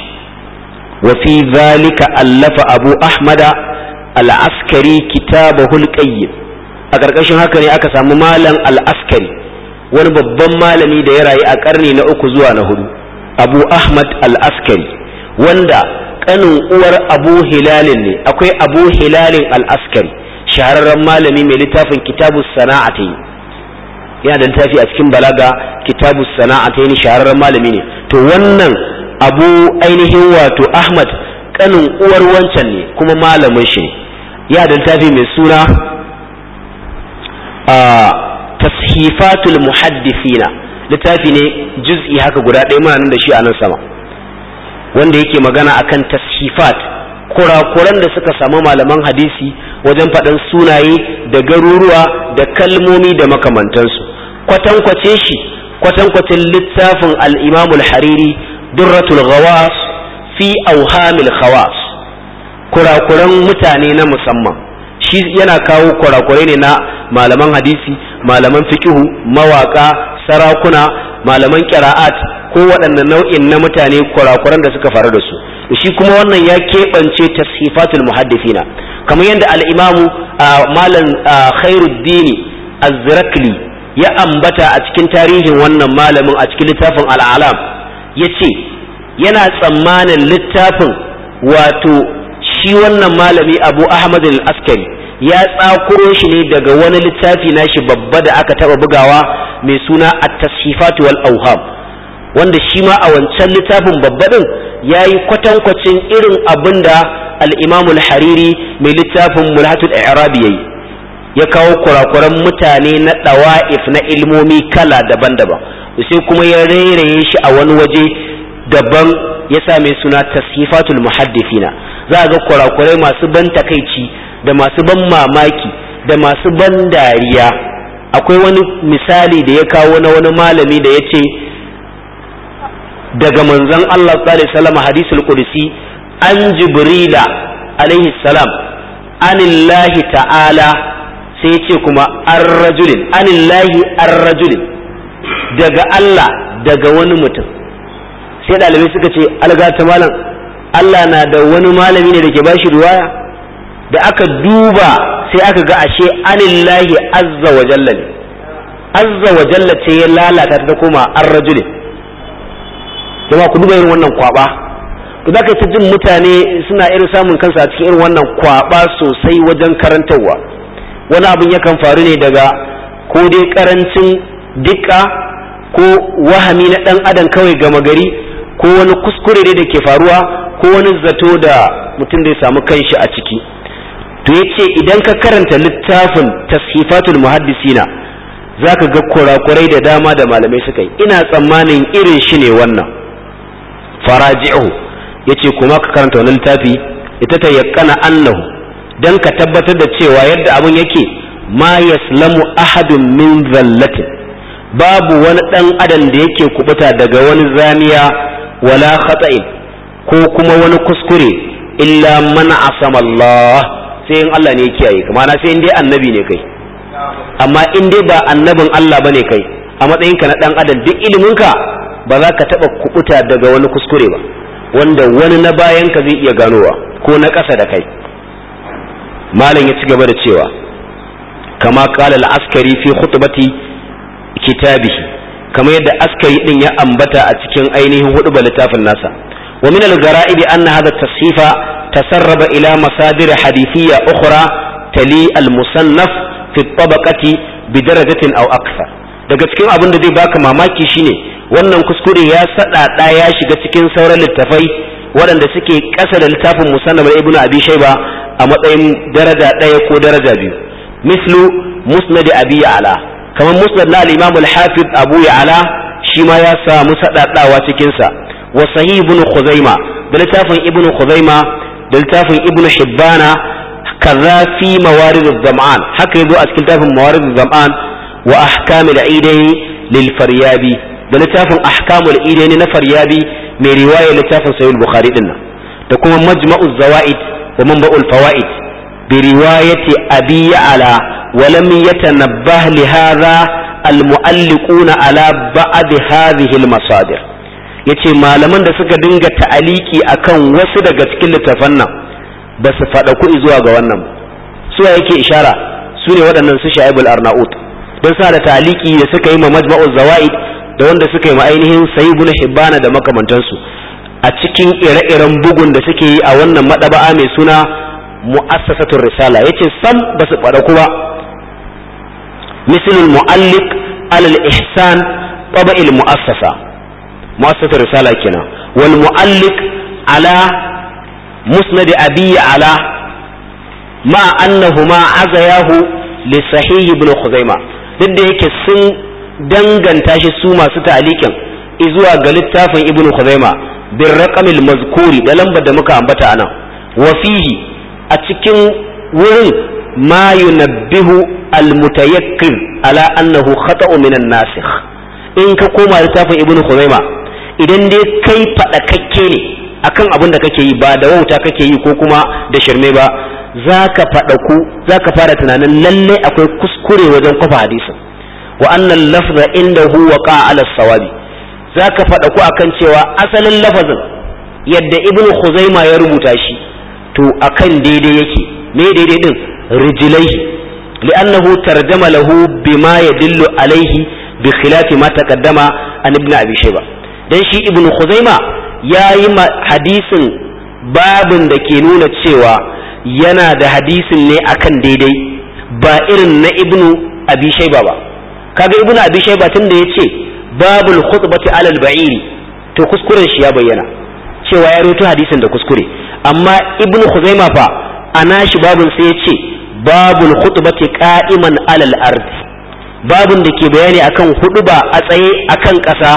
wa fi zalika allafa abu ahmada al'askari kitabahul qayyim a ƙarƙashin haka ne aka samu malam al'askari wani babban malami da ya rayu a ƙarni na uku zuwa na hudu abu ahmad al'askari wanda ƙanin uwar abu hilalin ne akwai abu hilalin al'askari shahararren malami mai littafin kitabu sana'atai yana da littafi a cikin balaga kitabu sana'atai ne shahararren malami ne to wannan abu ainihin wato ahmad ƙanin uwar wancan ne kuma malamin shi ne ya da littafi mai suna a tashifatul muhaddisina littafi ne juz'i haka guda ɗaya muna nan da shi a nan sama wanda yake magana akan tashifat kurakuran da suka samu malaman hadisi wajen faɗan sunaye da garuruwa da kalmomi da makamantansu kwatankwace shi kwatankwacin littafin al-imamul hariri durratul ghawas fi auhamil khawas kurakuran mutane na musamman shi yana kawo kurakurai ne na malaman hadisi malaman fikihu mawaka sarakuna malaman kira'at ko waɗanda nau'in na mutane kurakuran da suka faru da su shi kuma wannan ya keɓance tashifatul muhaddisina kamar yadda al'imamu malam khairuddini azrakli ya ambata a cikin tarihin wannan malamin a cikin littafin al'alam ya ce yana tsammanin littafin wato shi wannan malami abu ahmad al-askari ya tsakuro shi ne daga wani littafi nashi babba da aka taba bugawa mai suna at-tasfifat wal awham wanda shi ma a wancan littafin babba din yayi kwatankwacin irin abinda al-imam al-hariri mai littafin mulhatul i'rabi yayi ya kawo kurakuran mutane na dawa'if na ilmomi kala daban-daban sai kuma ya rairaye shi a wani waje daban ya sa mai suna tasifatul muhaddithina za ga kurakurai masu ban takaici da masu ban mamaki da masu ban dariya akwai wani misali da ya kawo na wani malami da ya ce daga manzan Allah sallallahu alaihi wasallam hadisul qudsi an jibrila alaihi salam anillahi ta'ala sai ya ce kuma ar-rajulin anillahi an rajulin daga Allah daga wani mutum sai ɗalibai suka ce algata malam Allah na da wani malami ne da ke bashi riwaya da aka duba sai aka ga ashe anillahi azza wa jalla ne azza wa jalla ce ya lalata ta koma an rajule jama ku duba irin wannan kwaba ku zaka ta jin mutane suna irin samun kansa a cikin irin wannan kwaba sosai wajen karantarwa wani abin yakan faru ne daga ko dai karancin dika ko wahami na dan adam kawai gama gari ko wani kuskure da ke faruwa ko wani zato da mutum zai samu kanshi a ciki to yace idan ka karanta littafin tashifatul muhaddisina zaka ga kurakurai da dama da malamai suka yi ina tsammanin irin shi ne wannan faraji'u yace kuma ka karanta wannan littafi ita ta yakana annahu dan ka tabbatar da cewa yadda abin yake ma yaslamu ahadun min zallatin babu wani dan adam da yake kubuta daga wani Zaniya. wala khata'in ko kuma wani kuskure illa man asama Allah sai in Allah ne ya kiyaye kuma na sai in dai annabi ne kai amma in dai ba annabin Allah bane kai a matsayinka na dan adam duk iliminka ba za ka taba kubuta daga wani kuskure ba wanda wani na bayanka zai iya ganowa ko na ƙasa da kai malam ya ci gaba da cewa kama qala al-askari fi khutbati kitabihi kamar yadda askari ɗin ya ambata a cikin ainihin hudu ba littafin nasa wa min al-gara'ib anna hadha at-tashifa tasarraba ila masadir hadisiya ukhra tali al-musannaf fi at-tabaqati bi darajatin aw akthar daga cikin abin da zai baka mamaki shine wannan kuskure ya sada ya shiga cikin sauran littafai waɗanda suke kasa da littafin musannaf ibn abi shayba a matsayin daraja ɗaya ko daraja biyu mislu musnadi abi ala kamar musnad na al-imam al-hafiz abu ya'ala shi ma ya samu sadadawa cikin sa wa sahih ibn khuzaima da littafin ibn khuzaima da littafin ibn hibbana kaza fi mawarid az-zam'an haka yazo a cikin littafin mawarid az-zam'an wa ahkam al-idayn lil faryabi da littafin ahkam al-idayn na faryabi mai riwaya littafin sahih al-bukhari da kuma majma'u az-zawaid wa manba'u al-fawaid برواية أبي يعلى ولم يتنبه لهذا المؤلقون على بعض هذه المصادر yace malaman da suka dinga ta'aliki akan wasu daga cikin littafan nan ba su faɗa kuɗi zuwa ga wannan suwa yake ishara su ne waɗannan su sha'ibul arnaut don sa da ta'aliki da suka yi ma majma'ul zawaid da wanda suka yi ma ainihin sayyibul hibbana da makamantansu a cikin ire-iren bugun da suke yi a wannan madaba'a mai suna mu'assasatul risala yace sam ba su fada kuma misalul mu'alliq alal ihsan taba'il mu'assasa mu'assasatul risala kenan wal mu'alliq ala musnad abi ala ma annahuma azayahu li sahih ibn khuzaima duk da yake sun danganta shi su masu talikin, izuwa ga littafin ibn khuzaima bin raqamil mazkuri da lambar da muka ambata anan wa fihi a cikin wurin ma yunabbihu almutayakkin ala annahu khata'u minan nasikh in ka koma littafin ibnu khuzaima idan dai kai fadakakke ne akan abin da kake yi ba da wauta kake yi ko kuma da shirme ba zaka fadaku zaka fara tunanin lalle akwai kuskure wajen kafa hadisin wa annal lafza indahu waqa ala sawabi zaka fadaku akan cewa asalin lafazin yadda ibnu khuzaima ya rubuta shi to akan daidai yake me daidai din rijlaihi li'annahu tarjama lahu bima yadullu alaihi bi khilafi ma taqaddama an ibn abi shayba dan shi ibn khuzaima yayi hadisin babin da ke nuna cewa yana da hadisin ne akan daidai ba irin na ibnu abi shayba ba kaga ibnu abi shayba da yace babul khutbati alal ba'iri to kuskuren shi ya bayyana cewa ya roto hadisin da kuskure amma ibn khuzaima fa ana shi babun sai ya ce babul khutbati qa'iman alal ard babun da ke bayani akan huduba a tsaye akan ƙasa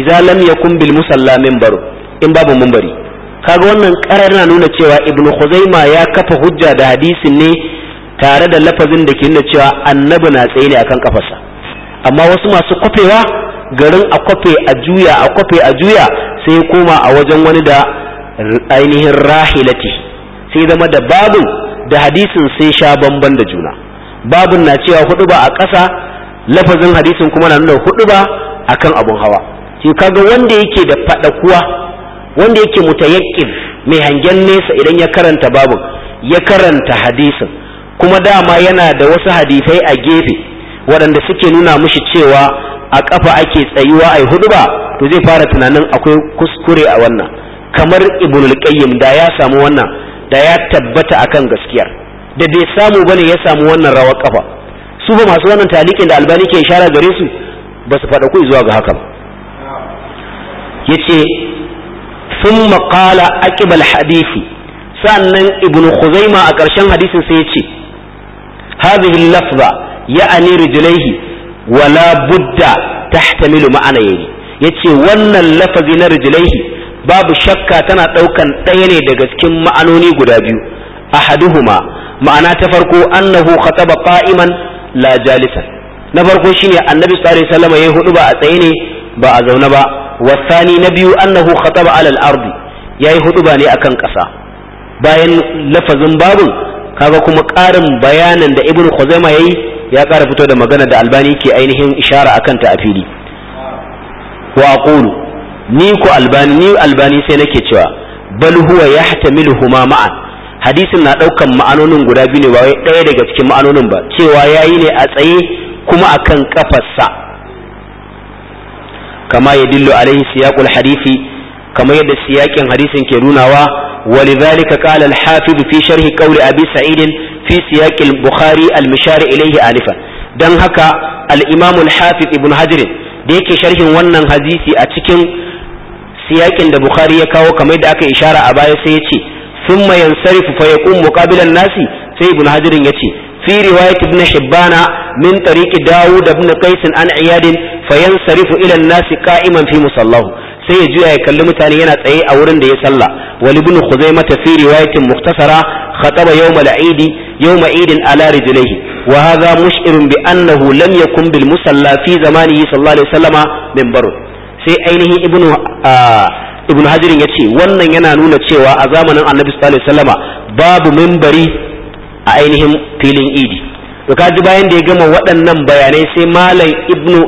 idza lam yakun bil musalla minbaru in babu minbari kaga wannan karar na nuna cewa ibn khuzaima ya kafa hujja da hadisin ne tare da lafazin da ke nuna cewa annabi na tsaye ne akan kafarsa amma wasu masu kwafewa garin a kwafe a juya a kwafe a juya sai koma a wajen wani da ainihin rahilati sai zama da babu da hadisin sai sha bamban da juna babun na cewa hudu ba a ƙasa lafazin hadisin kuma na nuna hudu ba akan abun hawa sai kaga wanda yake da kuwa wanda yake mutayakkif mai hangen nesa idan ya karanta babu ya karanta hadisin kuma dama yana da wasu hadisai a gefe waɗanda suke nuna mushi cewa a ƙafa ake tsayuwa yi hudu ba to zai fara tunanin akwai kuskure a wannan kamar ibnul qayyim da ya samu wannan da ya tabbata akan gaskiyar da bai samu bane ya samu wannan rawar kafa su ba masu wannan talikin da albani ke ishara gare su ba su faɗa ku zuwa ga haka ba yace sun qala aqibal hadisi sannan ibnu khuzaima a ƙarshen hadisin sai yace hadhihi lafza ya'ani rijlaihi wala budda tahtamilu ma'ana yace wannan lafazi na rijlaihi babu shakka tana ɗaukan ɗaya ne daga cikin ma'anoni guda biyu ahaduhuma ma'ana ta farko annahu khataba qa'iman la jalisan na farko shine annabi sallallahu alaihi wasallam yayi hudu ba a tsaye ne ba a zaune ba wasani na biyu annahu khataba ala al-ardi yayi hudu ba ne akan ƙasa bayan lafazin babun kaga kuma ƙarin bayanan da ibnu khuzaima yayi ya ƙara fito da magana da albani ke ainihin ishara akan ta a fili wa aqulu ni ku albani ni albani sai nake cewa bal huwa yahtamilu huma ma'an hadisin na daukan ma'anonin guda biyu ne ba wai ɗaya daga cikin ma'anonin ba cewa yayi ne a tsaye kuma akan kafarsa kama ya dillo alaihi siyaqul hadisi kama yadda siyakin hadisin ke nunawa ولذلك قال الحافظ في شرح قول أبي سعيد في سياق البخاري المشار إليه آلفا dan haka الإمام الحافظ ابن حجر da yake sharhin wannan hadisi a cikin siyakin da bukhari ya kawo kamar da aka ishara a baya sai ya ce thumma yansarifu fa yaqum muqabilan nasi sai ibn ya ce fi riwayat ibn shibbana min tariqi dawud ibn qais an iyad fa yansarifu ila nasi qa'iman fi musallahu sai ya juya ya kalli mutane yana tsaye a wurin da ya salla wal ibn khuzaimah fi riwayatin mukhtasara khataba yawm al-eid yawm eid ala rijlihi wa hadha mush'irun bi annahu lam yakun bil musalla fi zamanihi sallallahu alaihi wasallama min baro sai ainihin ibnu ibnu hajirin ya ce wannan yana nuna cewa a zamanin annabi sallallahu alaihi wasallama babu mimbari a ainihin filin idi to kaji bayan da ya gama waɗannan bayanai sai malam ibnu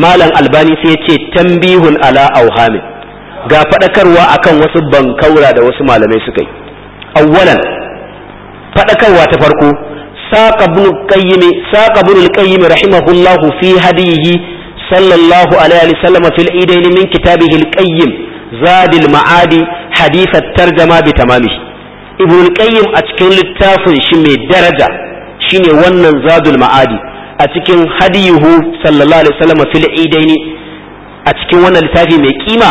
malam albani sai yace tambihun ala auhamin ga fadakarwa akan wasu bankaura da wasu malamai suka yi awwalan fadakarwa ta farko saqa ibn qayyim saqa ibn qayyim rahimahullahu fi hadihi صلى الله عليه وسلم في العيدين من كتابه القيم زاد المعادي حديث الترجمة بتمامه ابن القيم أتكن للتافن شمي درجة شيني ونن زاد المعادي أتكن هديه صلى الله عليه وسلم في العيدين أتكن ونن لتافي ميكيما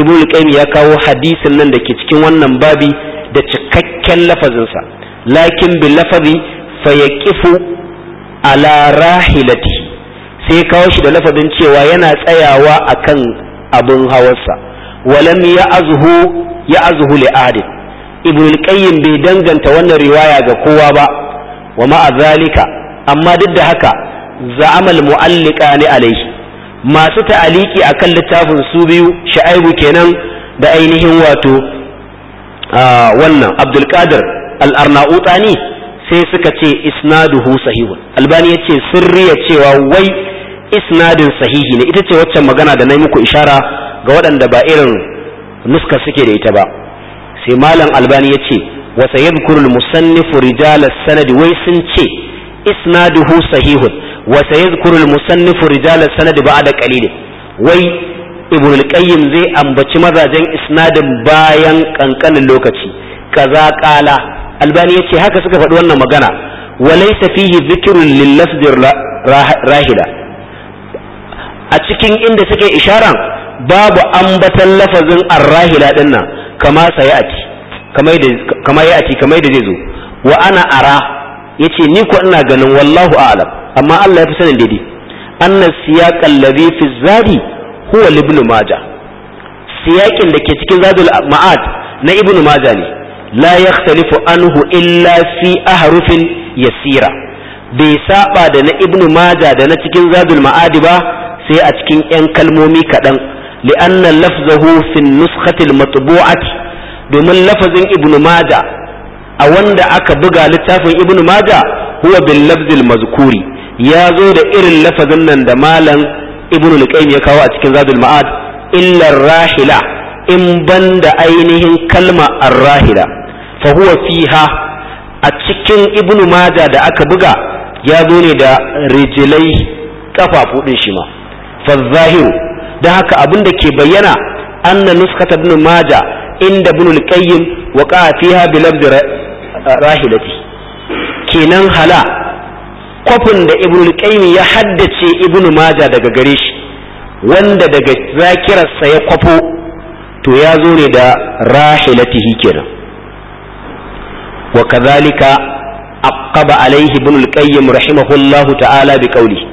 ابن القيم يكاو حديث نن دكي تكن ونن بابي da cikakken lafazinsa lakin bi lafazi fa yaqifu ala rahilati sai kawo shi da lafabin cewa yana tsayawa akan abin hawarsa walam ya azhu ya azhu li ahadin qayyim bai danganta wannan riwaya ga kowa ba wa ma'a zalika amma duk da haka za'amal mu'allika ne alaihi masu ta'aliki akan littafin su biyu sha'aibu kenan da ainihin wato wannan abdul qadir al-arnautani sai suka ce isnaduhu sahihun albani yace sirri ya cewa wai isnadin sahihi ne ita ce waccan magana da na yi muku ishara ga waɗanda ba irin nuska suke da ita ba sai malam albani ya ce wasa kurul musannifu rijalar sanadi wai sun ce isnaduhu sahihun wasa kurul musannifu rijalar sanadi ba da kalilin wai ibn qayyim zai ambaci mazajen isnadin bayan kankanin lokaci kaza ƙala albani ya ce haka suka faɗi wannan magana walaysa fihi dhikrun lil lafzir rahila a cikin inda suke isharan babu ambatan lafazin arrahila din nan kama sayati kama yati kama da zai zo wa ana ara yace ni ko ina ganin wallahu a'lam amma Allah ya fi sanin daidai anna siyaqal ladhi fi zadi huwa ibn majah siyaqin da ke cikin zadul ma'ad na ibn maja ne la yakhtalifu anhu illa fi ahrufin yasira bai saba da na ibn maja da na cikin zadul ma'adi ba sai a cikin 'yan kalmomi kaɗan li'annan lafzahu fi nuskhatil matbu'ati domin lafazin Ibn maja a wanda aka buga littafin ibnu maja huwa bil lafzil mazkuri ya zo da irin lafazin nan da malam Ibn al ya kawo a cikin zadul ma'ad illa rahila in banda ainihin kalma ar-rahila fa huwa fiha a cikin ibnu maja da aka buga ya zo ne da rijilai kafafu din shi ma fa da haka abin da ke bayyana anna nuskata ibn maja inda ibn al-qayyim wa qa fiha bi lafz kenan hala kwafin da ibn ya haddace ibn maja daga gare shi wanda daga zakirarsa ya kwafo to ya zo ne da rahilatihi kenan wa kadhalika aqaba alaihi ibn al-qayyim rahimahullahu ta'ala bi qawlihi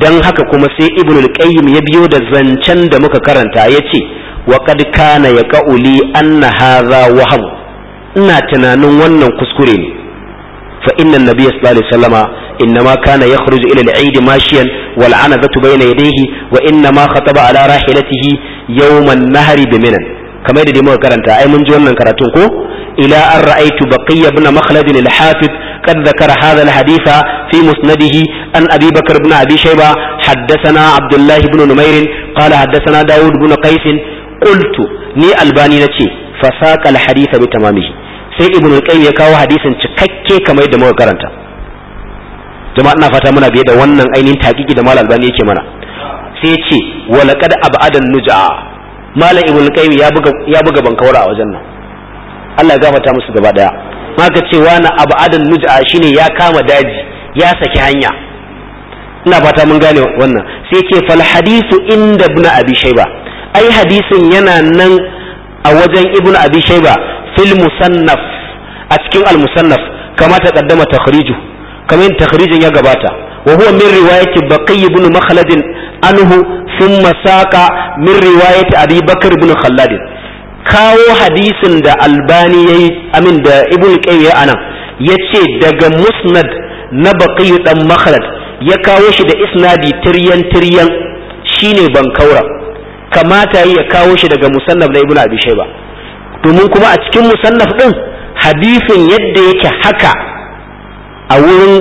don haka kuma sai ibn qayyim ya biyo da zancen da muka karanta ya ce wa qad kana yaquli anna hadha waham ina tunanin wannan kuskure ne fa inna nabiyya sallallahu alaihi wasallama innama kana yakhruju ila al-eid mashiyan wal anabatu bayna yadayhi wa innama khataba ala rahilatihi yawm an-nahri bi minan kamar da dai muka karanta ai mun ji wannan karatun ko ila an ra'aytu baqiya ibn makhlad al-hafiz قد ذكر هذا الحديث في مسنده أن أبي بكر بن أبي شيبة حدثنا عبد الله بن نمير قال حدثنا داود بن قيس قلت ني الباني نتي فساق الحديث بتمامه sai ibn al ya kawo hadisin cikakke kamar yadda muka karanta jama'a ina fata muna biye da wannan ainihin takiki da malam albani yake mana sai ya ce wa laqad abadan nuja malam ibn al ya buga ya buga a wajen nan Allah ya musu gaba ɗaya. maka cewa na abu adan nuj'a shine ya kama daji ya saki hanya ina fata mun gane wannan sai ke fal hadithu inda ibn abi shayba ai hadisin yana nan a wajen ibn abi shayba fil musannaf a cikin al musannaf kama ta kaddama takhriju kamar takhrijin ya gabata wa huwa min riwayati baqi ibn makhlad anhu thumma saqa min riwayati abi bakr ibn khallad kawo hadisin da albani ya yi amin da ibn a ya anan ya ce daga musnad na baqiyu ɗan-makhalad ya kawo shi da isnadi tiryan tiryan shine kaura kamata ya kawo shi daga musannaf na ibn abi shayba domin kuma a cikin musannaf ɗin hadisin yadda yake haka a wurin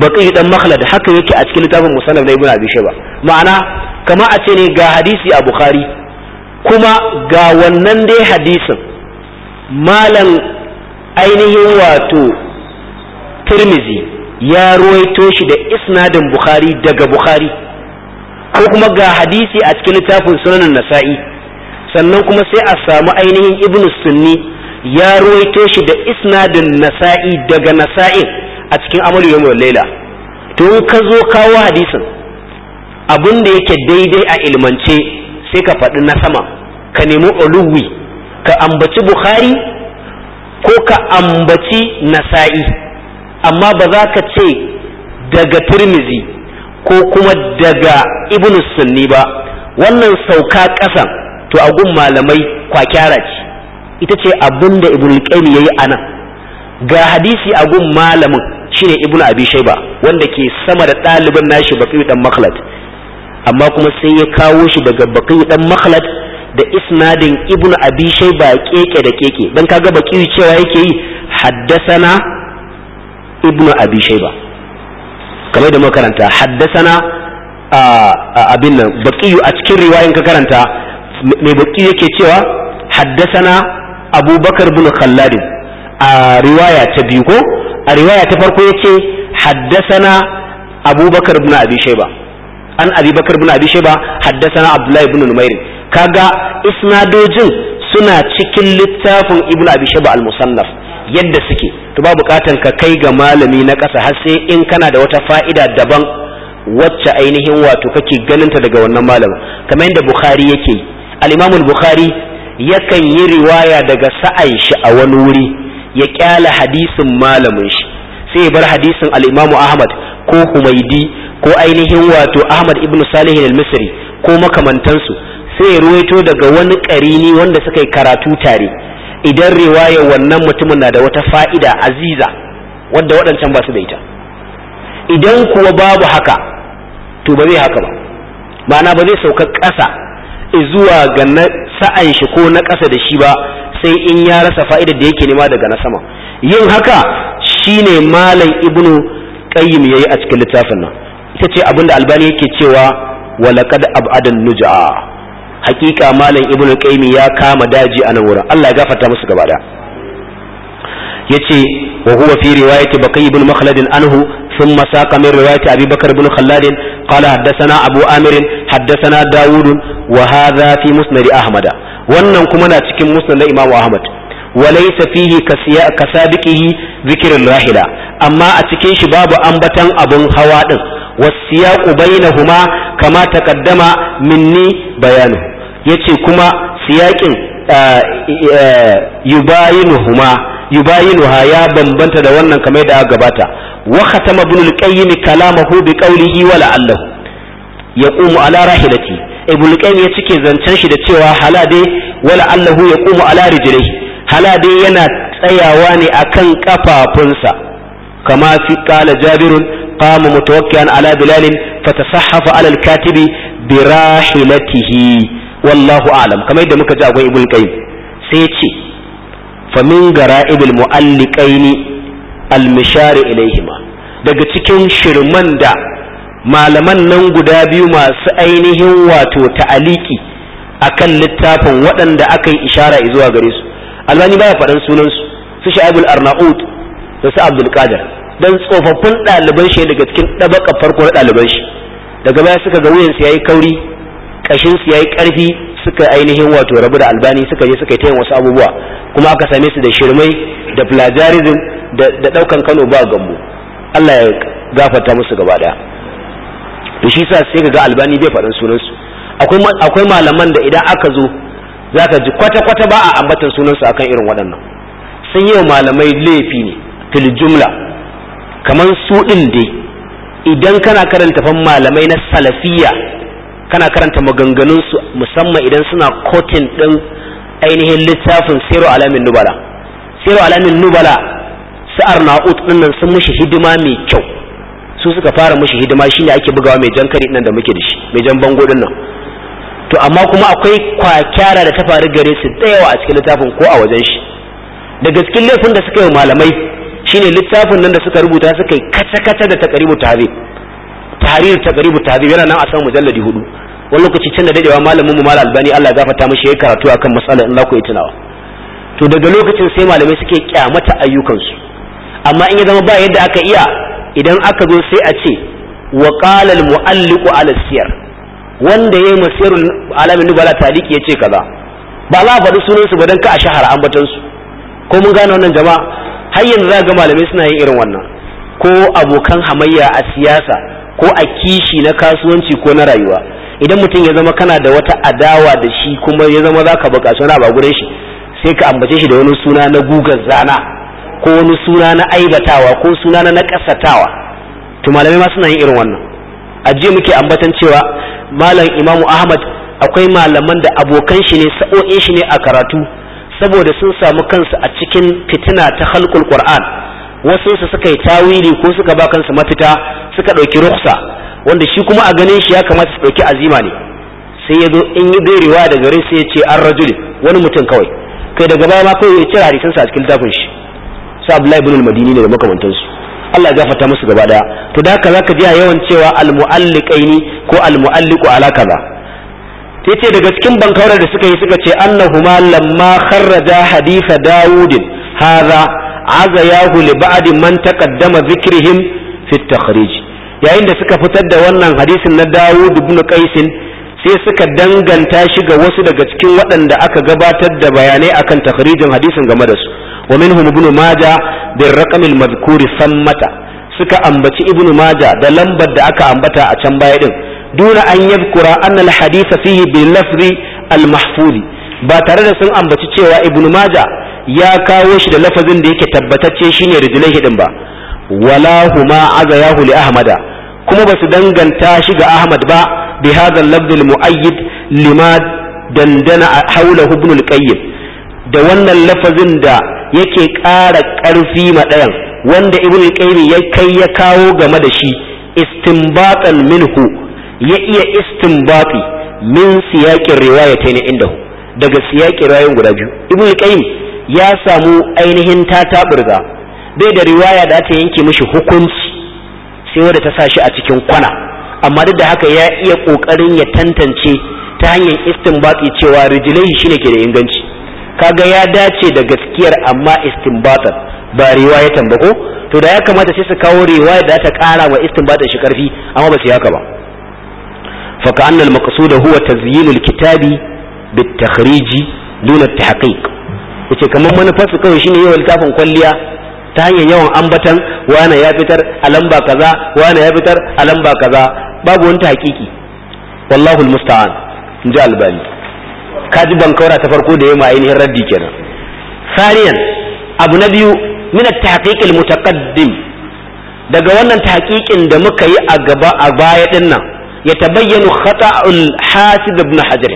baqiyu ɗan-makhalad haka yake a cikin littafin musannaf na ibn abi shayba ma'ana kama a ce ne ga hadisi a bukhari kuma ga wannan dai hadisin malam ainihin wato tirmizi ya ruwaito shi da isnadin bukhari daga bukhari ko kuma ga hadisi a cikin littafin sunanin nasa'i sannan kuma sai a samu ainihin ibn sunni ya ruwaito shi da isnadin nasa'i daga nasa'in a cikin amalu yawon laila to ka zo kawo hadisin abin da yake daidai a ilmance sai ka faɗi na sama ka nemi uluwi ka ambaci bukhari ko ka ambaci nasa'i amma ba za ka ce daga turmizi ko kuma daga ibn sunni ba wannan sauka ƙasan to a gun malamai kwakyara ce ita ce abin da ibn qayyim yayi anan ga hadisi a gun malamin shine ibn abi shayba wanda ke sama da ɗaliban nashi baqiyu dan makhlad amma kuma sai ya kawo shi daga baki dan makhlad da isnadin ibnu abi shayba keke da keke dan kaga baki cewa yake yi haddasana ibnu abi shayba kamar da makaranta haddasana abin nan baki a cikin riwayan ka karanta mai baki yake cewa haddasana abubakar bin khallad a riwaya ta biyu ko a riwaya ta farko yace haddasana abubakar bin abi shayba an abi bakar bin abi sheba na abdullahi ibn numair kaga isnadojin suna cikin littafin ibn abi sheba al-musannaf yadda suke to ba bukatan ka kai ga malami na ƙasa har sai in kana da wata fa'ida daban wacce ainihin wato kake ganinta daga wannan malamin kamar yadda bukhari yake yi al-imam al-bukhari yakan yi riwaya daga sa'ai shi a wani wuri ya kyala hadisin malamin shi sai ya bar hadisin al-imam ahmad ko humaidi ko ainihin wato ahmad ibnu salih al-misri ko makamantansu sai ruwaito daga wani ƙarini wanda suka yi karatu tare idan riwayar wannan mutumin na da wata fa'ida aziza wadda waɗancan ba su da ita idan kuwa babu haka to ba zai haka ba ma'ana ba zai sauka ƙasa zuwa ga na sa'an shi ko na ƙasa da shi ba sai in ya rasa fa'idar da yake nema daga na sama yin haka shine malam ibnu qayyim yayi a cikin littafin nan ita ce abinda albani yake cewa walaqad ab'adan nujaa haƙiƙa malam ibnu qayyim ya kama daji a nan wurin Allah ya gafarta musu gaba da yace wa huwa fi riwayati baqi ibn makhlad anhu thumma saqa min riwayati abi bakr ibn khallad qala haddathana abu amir haddathana daud wa hadha fi musnad ahmad wannan kuma na cikin musnad imam ahmad walaysa fihi kasabiqihi zikrul rahila amma a cikin shi babu ambatan abun hawa din wasiyaqu bainahuma kama taqaddama minni bayanu yace kuma siyaqin yubayinuhuma ya bambanta da wannan kamar da aka gabata wa khatama ibn al-qayyim kalamahu bi qawlihi wa la'allahu yaqumu ala rahilati ibn al ya cike zancen shi da cewa hala dai wa la'allahu yaqumu hala dai yana tsayawa ne akan kafafunsa kama fi qala jabirun qama mutawakkian ala bilalin fatasahhafa ala al-katibi bi rahilatihi wallahu a'lam kamar yadda muka ji akwai ibn qayyim sai ce fa min gara'ib al-mu'alliqain al ilayhima daga cikin shirman da malaman nan guda biyu masu ainihin wato ta'aliki akan littafin waɗanda aka yi ishara zuwa gare su albani baya faɗan sunansu su sha'ibul arnaud da su abdul qadir dan tsofaffin ɗaliban shi daga cikin ɗabaka farko na ɗaliban shi daga baya suka ga wuyansu yayi kauri kashin su yayi ƙarfi suka ainihin wato rabu da albani suka je suka yi tayin wasu abubuwa kuma aka same su da shirmai da plagiarism da ɗaukan kano ba gambo Allah ya gafarta musu gaba daya to shi sa sai ga albani bai faɗin sunansu akwai malaman da idan aka zo za ka ji kwata-kwata ba a ambatan sunansu akan irin waɗannan sun yi malamai laifi ne fil jumla kamar su ɗin dai idan kana karanta fan malamai na salafiya kana karanta maganganunsu musamman idan suna kotin ɗin ainihin littafin sero alamin nubala sero alamin nubala su arna'ut ɗinnan sun mushi hidima mai kyau su suka fara mushi hidima shine ake bugawa mai jan kari nan da muke da shi mai jan bango ɗin nan to amma kuma akwai kwakyara da ta faru gare su da a cikin littafin ko a wajen shi Da cikin laifin da suka yi malamai shine littafin nan da suka rubuta suka yi kata-kata da takaribu tabe tahrir takaribu tabe yana nan a san mujalladi hudu wani lokaci can da dadewa malamin mu malam albani Allah ya gafarta mishi yayi karatu akan masalan in ku tunawa to daga lokacin sai malamai suke kyamata ayyukan su amma in ya zama ba yadda aka iya idan aka zo sai a ce wa qala al mu'alliqu ala siyar wanda ya yi masirin alamin nubala taliki ya ce kaza ba za a faɗi sunansu ba don ka a shahara ambatansu ko mun gane wannan jama'a har yanzu za ga malamai suna yin irin wannan ko abokan hamayya a siyasa ko a kishi na kasuwanci ko na rayuwa idan mutum ya zama kana da wata adawa da shi kuma ya zama za ka buƙaci wani abu gurin shi sai ka ambace shi da wani suna na gugar zana ko wani suna na aibatawa ko suna na nakasatawa to malamai ma suna yin irin wannan a jiya muke ambatan cewa malam imamu ahmad akwai malaman da abokan shi ne sa'o'in shi ne a karatu saboda sun samu kansu a cikin fitina ta halkul qur'an wasu su suka yi tawili ko suka ba kansu mafita suka ɗauki ruksa wanda shi kuma a ganin shi ya kamata su ɗauki azima ne sai ya zo in yi berewa daga gare sai ya ce an rajuli wani mutum kawai kai daga baya ma kawai ya cire hadisansa a cikin littafin shi sa abdullahi ibn al-madini ne da makamantansu Allah ya gafarta musu gaba daya to da haka zaka ji a yawan cewa almu'alliqaini ko almu'alliqu ala kaza yace daga cikin bankaurar da suka yi suka ce annahuma lamma kharraja haditha daud hadha azayahu li ba'd man taqaddama dhikrihim fi at-takhrij yayin da suka fitar da wannan hadisin na Dawud ibn Qais sai suka danganta shi ga wasu daga cikin waɗanda aka gabatar da bayanai akan takhrijin hadisin game da su wa minhum ibn maja bin raqamil madhkuri sammata suka ambaci ibn maja da lambar da aka ambata a can baya din duna an yadhkura anna al haditha fihi bil lafzi al mahfuzi ba tare da sun ambaci cewa ibn maja ya kawo shi da lafazin da yake tabbatacce shine rijlaihi din ba wala huma azayahu li ahmada kuma ba su danganta shi ga ahmad ba بهذا اللفظ المؤيد لما دندن حوله ابن القيم da wannan lafazin da yake ƙara ƙarfi maɗayan wanda ibn qayyim ya kai ya kawo game da shi istinbatan minhu ya iya istinbati min siyaqin riwayatayn indahu daga siyaqin riwayoyin guda biyu ibn qayyim ya samu ainihin ta tataburga bai da riwaya da ta yanke mishi hukunci sai wadda ta sa shi a cikin kwana amma duk da haka ya iya kokarin ya tantance ta hanyar istinbati cewa rijilai shine ke da inganci kaga ya dace da gaskiyar amma istinbatar ba riwayatan ya ko to da ya kamata sai su kawo riwaya da ta kara wa istinbatar shi karfi amma ba su haka ba fa ka annal maqsuda huwa tazyinul kitabi bit takhriji duna tahqiq yace kamar manufar su kawai shine yawan littafin kwalliya ta hanyar yawan ambatan wani ya fitar a lamba kaza wani ya fitar a lamba kaza babu wani hakiki wallahu musta'an in ji albani kaji bankaura ta farko da ya ma ainihin raddi kenan saniyan abu na biyu min at-tahqiq mutaqaddim daga wannan tahqiqin da muka yi a gaba a baya din nan ya tabayyanu khata'ul hasib ibn hajar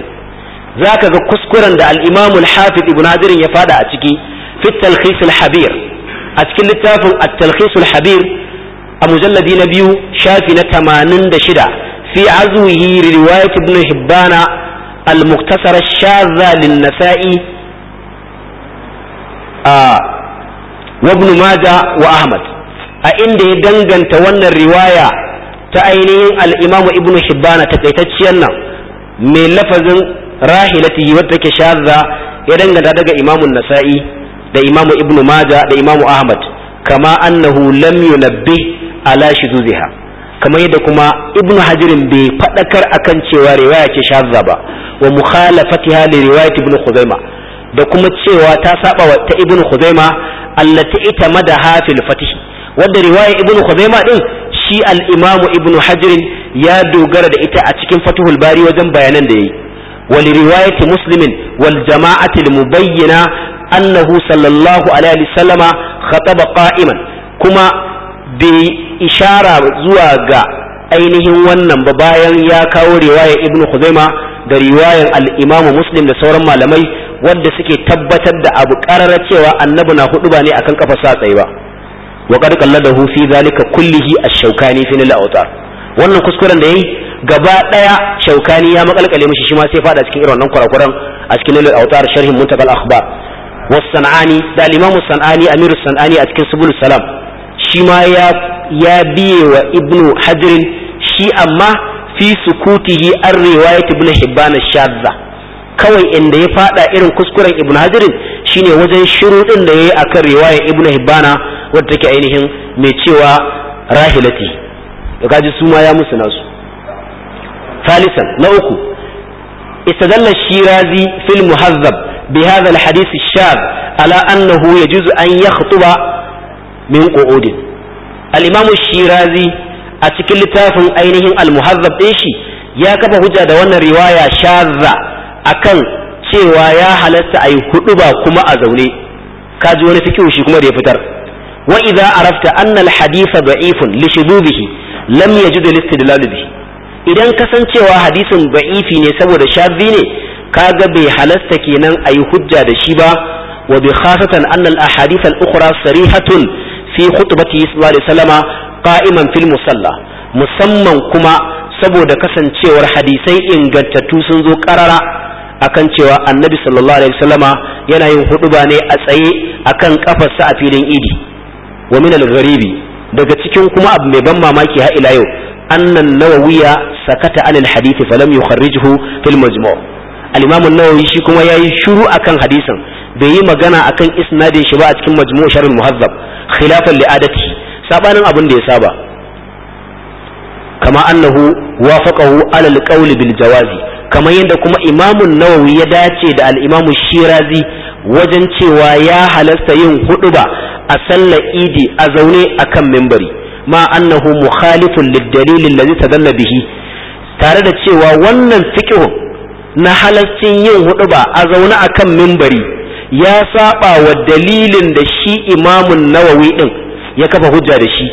zaka ga kuskuren da al-imam al-hafiz ibn hajar ya fada a ciki fi at-talkhis al-habir a cikin littafin at-talkhis al-habir a mujalladi na biyu shafi na tamanin da shida fi azuhi riwayat ibn hibbana al-muktasar shaza lin nasa'i a wa ibn maja wa ahmad a inda ya danganta wannan riwaya ta ainihin al-imamu ibn hibbana takaitacciyar nan mai lafazin rahilati wadda take shaza ya danganta daga imamun nasa'i da imamu ibn maja da imamu ahmad kama annahu lam yunabbih ala zuziha kamar yadda kuma ibnu hajirin bai a akan cewa riwaya ce shazza ba wa mukhalafatiha li riwayat ibnu khuzaima da kuma cewa ta saba wa ta ibnu khuzaima allati itamadaha fil fatih wanda riwaya ibnu khuzaima din shi al-imam ibnu hajirin ya dogara da ita a cikin fatuhul bari wajen bayanan da yayi ولرواية مسلم والجماعة المبينة أنه annahu الله عليه وسلم خطب قائما kuma. bai ishara zuwa ga ainihin wannan ba bayan ya kawo riwayar ibn Khuzaima da riwayar al-Imam Muslim da sauran malamai wanda suke tabbatar da abu ƙararra cewa annabi na hudu ba ne akan kafa sa tsaye ba wa qad qalladahu fi zalika kullihi ash-shawkani fi al-awtar wannan kuskuren da yayi gaba daya shaukani ya makalkale mishi shi ma sai fada cikin irin wannan kurakuran a cikin al-awtar sharhin muntakal akhbar was sanani da al-imam sanani amirus sanani a cikin subul salam shi ma ya biye wa ibnu hajirin shi amma fi sukutihi an riwayat ibnu Hibbana shadda kawai inda ya fada irin kuskuren ibnu hajirin shine wajen shiru ɗin da yayi akan riwayar ibnu hibbana wadda take ainihin mai cewa rahilati to kaji su ma ya musu nasu ثالثا نوكو استدل الشيرازي في المهذب بهذا الحديث الشاذ على أنه يجوز أن يخطب min qu'udin al shirazi a cikin littafin ainihin al ɗin shi ya kafa hujja da wannan riwaya shazza akan cewa ya halatta ayi hudu ba kuma a zaune kaji wani fikihu shi kuma da ya fitar wa idza arafta anna al-haditha da'ifun li shudubihi lam yajid al-istidlal bihi idan kasancewa hadisin da'ifi ne saboda shazzi ne kaga bai halasta kenan ayi hujja da shi ba wa bi khasatan anna al-ahadith al-ukhra sarihatun fi khutbatihi sallallahu alaihi wasallama qa'iman fil musalla musamman kuma saboda kasancewar hadisai ingantattu sun zo karara akan cewa annabi sallallahu alaihi wasallama yana yin huɗuba ne a tsaye akan kafarsa a filin idi wa min al-gharibi daga cikin kuma abu mai ban mamaki ha ila yau annan nawawiya sakata anil hadithi falam yukharrijuhu fil majmu' al-Imam an-Nawawi shi kuma yayi shiru akan hadisin bai yi magana akan isnadin shi ba a cikin majmu' sharh muhazzab khilafan li'adati sabanin abin da ya saba kama annahu wafaqahu ala al-qawl bil jawazi kamar yadda kuma Imam an-Nawawi ya dace da al-Imam Shirazi wajen cewa ya halasta yin huduba a sallar Idi a zaune akan mimbari ma annahu mukhalifun lid-dalil alladhi tadalla bihi tare da cewa wannan fiqhun na halaccin yin huɗuba a zaune a kan mimbari ya saba wa dalilin da shi imamun nawawi din ya kafa hujja da shi